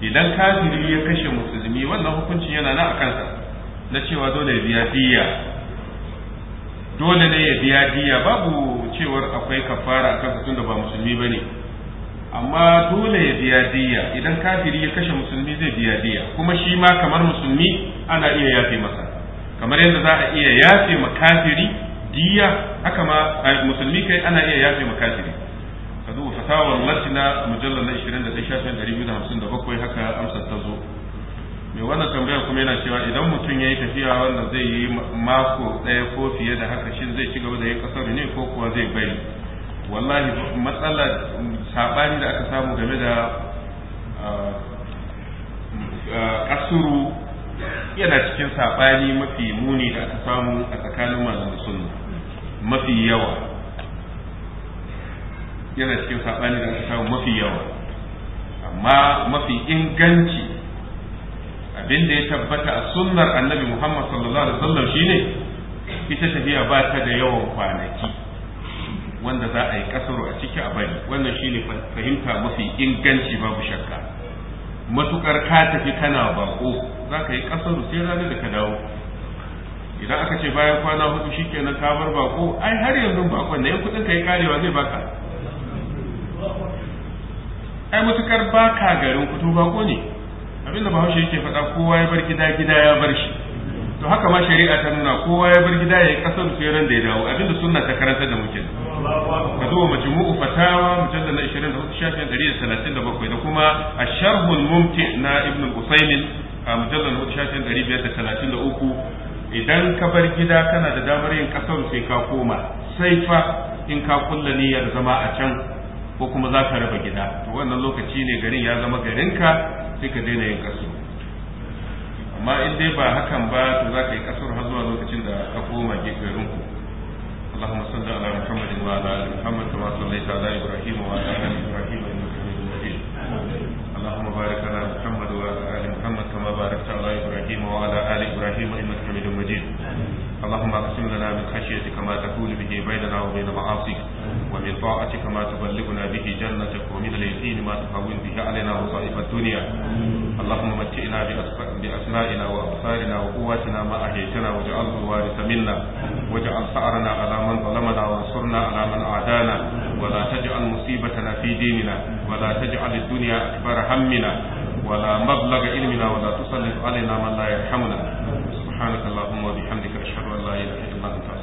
idan kafiri ya kashe musulmi wannan hukuncin yana na a na cewa dole biya diya dole ne ya biya diya babu cewar akwai kafara kan tun da ba musulmi ba ne amma dole ya biya diya idan kafiri ya kashe musulmi zai biya diya kuma shi ma kamar musulmi ana iya yafe masa kamar yadda za a iya yafe ma kafiri diya haka ma musulmi kai ana iya yafe ma kafiri ka duba fatawar na mujallar na 21 shafin haka amsar ta zo mai wannan tambayar kuma yana cewa idan mutum ya yi tafiya wanda zai yi mako ɗaya ko fiye da haka shin zai ci gaba da yin kasar ne ko kuwa zai bari wallahi matsala saɓani da aka samu game da kasuru yana cikin saɓani mafi muni da aka samu a tsakanin malamin sunna mafi yawa yana cikin saɓani da aka samu mafi yawa amma mafi inganci abin da ya tabbata a sunnar annabi Muhammad sallallahu alaihi wasallam shine ita tafiya ba ta da yawan kwanaki wanda za a yi kasaro a ciki a bari wannan shine fahimta mafi inganci babu shakka matukar ka tafi kana bako za ka yi kasaro sai ranar da ka dawo idan aka ce bayan kwana hudu shikenan ka bar bako ai har yanzu bakon da yan kudin ka yi karewa zai baka ai matukar baka garin kuto bako ne abinda bahaushe yake faɗa kowa ya bar gida gida ya bar shi to haka ma shari'a ta nuna kowa ya bar gida ya yi kasar su ran da ya dawo abinda sunna ta karanta da muke ka zuwa majmu'u fatawa mujallal na 24 shafin 137 da kuma asharhul mumti na ibnu usaimin a mujallal 4 shafin 533 idan ka bar gida kana da damar yin kasar sai ka koma sai fa in ka kulla niyyar zama a can ko kuma za ka raba gida to wannan lokaci ne garin ya zama garinka sai ka daina yin kaso amma in dai ba hakan ba to za ka yi kasar har zuwa lokacin da ka koma gefen ku اللهم صل على محمد وعلى ال محمد كما صليت على ابراهيم وعلى ال ابراهيم انك حميد مجيد اللهم بارك على محمد وعلى ال محمد كما باركت على ابراهيم وعلى ال ابراهيم اللهم اقسم لنا من خشيتك ما تكون به بيننا وبين معاصيك ومن طاعتك ما تبلغنا به جنتك ومن اليقين ما تهون به علينا مصائب الدنيا اللهم متئنا بأسمائنا وأبصارنا وقواتنا ما أحيتنا واجعله الوارث منا واجعل ثأرنا على من ظلمنا وانصرنا على من أعدانا ولا تجعل مصيبتنا في ديننا ولا تجعل الدنيا أكبر همنا ولا مبلغ علمنا ولا تسلط علينا من لا يرحمنا سبحانك اللهم وبحمدك أشهد أن لا إله إلا أنت